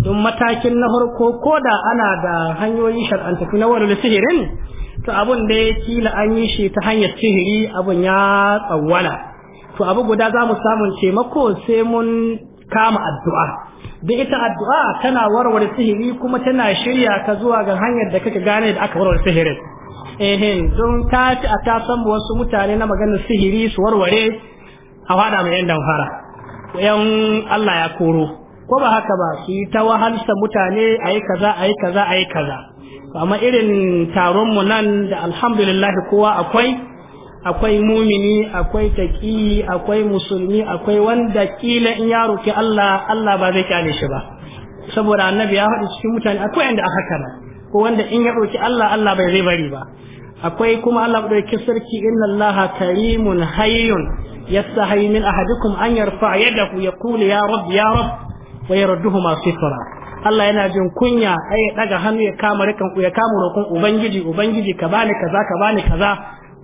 don matakin na farko ko da ana da hanyoyin shar'antaki na wani sihirin to abun da ya kila an yi shi ta hanyar sihiri abun ya tsawwala to abu guda za mu samun taimako sai mun kama addu'a da ita addu'a tana warware sihiri kuma tana shirya ka zuwa ga hanyar da kake gane da aka warware sihirin ehin don ta ci a ta san wasu mutane na maganar sihiri su warware a haɗa mai yan damfara yan Allah ya koro ko ba haka ba su yi ta wahalsa mutane a yi kaza a yi kaza a yi kaza amma irin taron mu nan da alhamdulillah kowa akwai akwai mumini akwai taqi akwai musulmi akwai wanda kila in ya roki Allah Allah ba zai kyale shi ba saboda annabi ya faɗi cikin mutane akwai inda aka kana ko wanda in ya roki Allah Allah bai zai bari ba akwai kuma Allah ya yake sarki inna Allah karimun hayyun yastahi min ahadikum an yarfa yadahu yaqulu ya rab ya rab wa yarduhuma sifra Allah yana jin kunya ai ya daga hannu ya kama rikan ya kama roƙon ubangiji ubangiji ka bani kaza ka bani kaza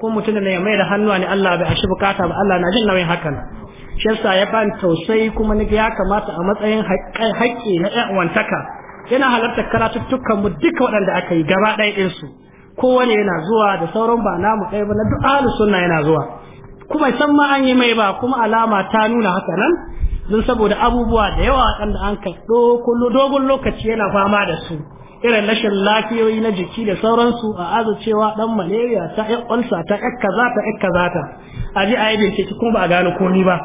ko mutum ne ya mai da hannuwa ne Allah bai ashi bukata ba Allah na jin nauyin hakan shi yasa ya ban tausayi kuma nake ya kamata a matsayin haƙƙi na ɗan uwantaka yana halartar karatuttukan mu duka waɗanda aka yi gaba ɗaya ɗin su kowane yana zuwa da sauran ba namu ɗaya ba na duk da sunna yana zuwa kuma san ma an yi mai ba kuma alama ta nuna haka nan don saboda abubuwa da yawa waɗanda an kai, dogon lokaci yana fama da su irin rashin lafiyoyi na jiki da sauransu a azu cewa dan malaria ta ƴan ulsa ta ƴan kaza ta ƴan kaza ta a ji a yi bincike kuma ba a gano komi ba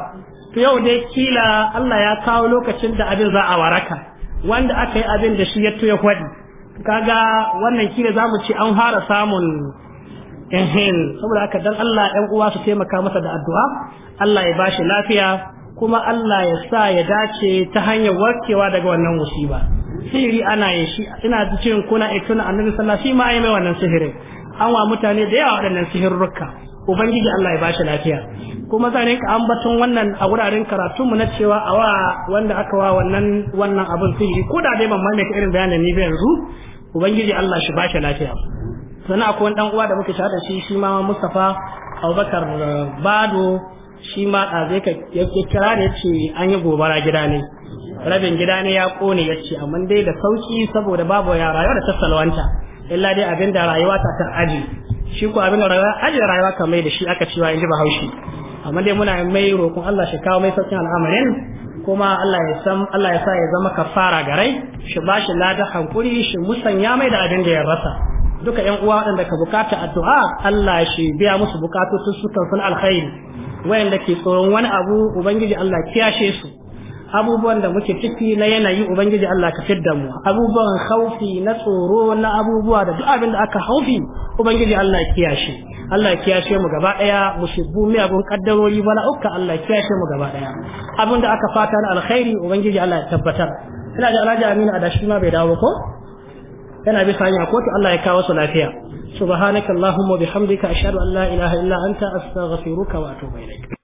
to yau dai kila Allah ya kawo lokacin da abin za a waraka wanda aka yi abin da shi ya tuya kwaɗi kaga wannan kila za mu ce an fara samun inhale saboda haka dan Allah ƴan uwa su taimaka masa da addu'a Allah ya ba shi lafiya kuma Allah ya sa ya dace ta hanyar warkewa daga wannan musiba sihiri ana yin shi ina cikin kuna ituna annabi sallallahu alaihi wasallam shi ma ya mai wannan sihirin an wa mutane da yawa waɗannan sihirruka ubangiji Allah ya bashi lafiya kuma zan an batun wannan a wuraren karatu mu na cewa a wa wanda aka wa wannan wannan abin sihiri ko da dai ban ka irin bayanin ni ba yanzu ubangiji Allah shi bashi lafiya sannan akwai wani dan uwa da muke shaɗa da shi shi ma Mustafa Abubakar Bado shi ma ɗazai ka kira da yace ce an yi gobara gida ne rabin gida ne ya kone ya ce amma dai da sauki saboda babu ya rayuwa da tassalwanta illa dai abin da rayuwa ta ta aji shi ko abin da rayuwa aji rayuwa da shi aka cewa in ji haushi amma dai muna mai roƙon Allah shi kawo mai sauƙin al'amarin kuma Allah ya sa ya zama kafara garai shi ba shi lada hankuri shi musanya mai da abin da ya rasa duka yan uwa waɗanda ka bukata addu'a Allah shi biya musu bukatun su kan sun alkhairi wayanda ke tsoron wani abu ubangiji Allah kiyashe su abubuwan da muke ciki na yanayi ubangiji Allah ka fidda mu abubuwan haufi na tsoro na abubuwa da duk abin da aka haufi ubangiji Allah kiyashe Allah kiyashe mu gaba daya mu shibbu abun kaddarori bala uka Allah kiyashe mu gaba daya abin da aka fata na alkhairi ubangiji Allah ya tabbatar ina da alhaji Aminu Adashi ma bai dawo ko yana bisa hanya ko to Allah ya kawo su lafiya subhanakallahumma bihamdika ashhadu an la ilaha illa anta astaghfiruka wa atubu ilaik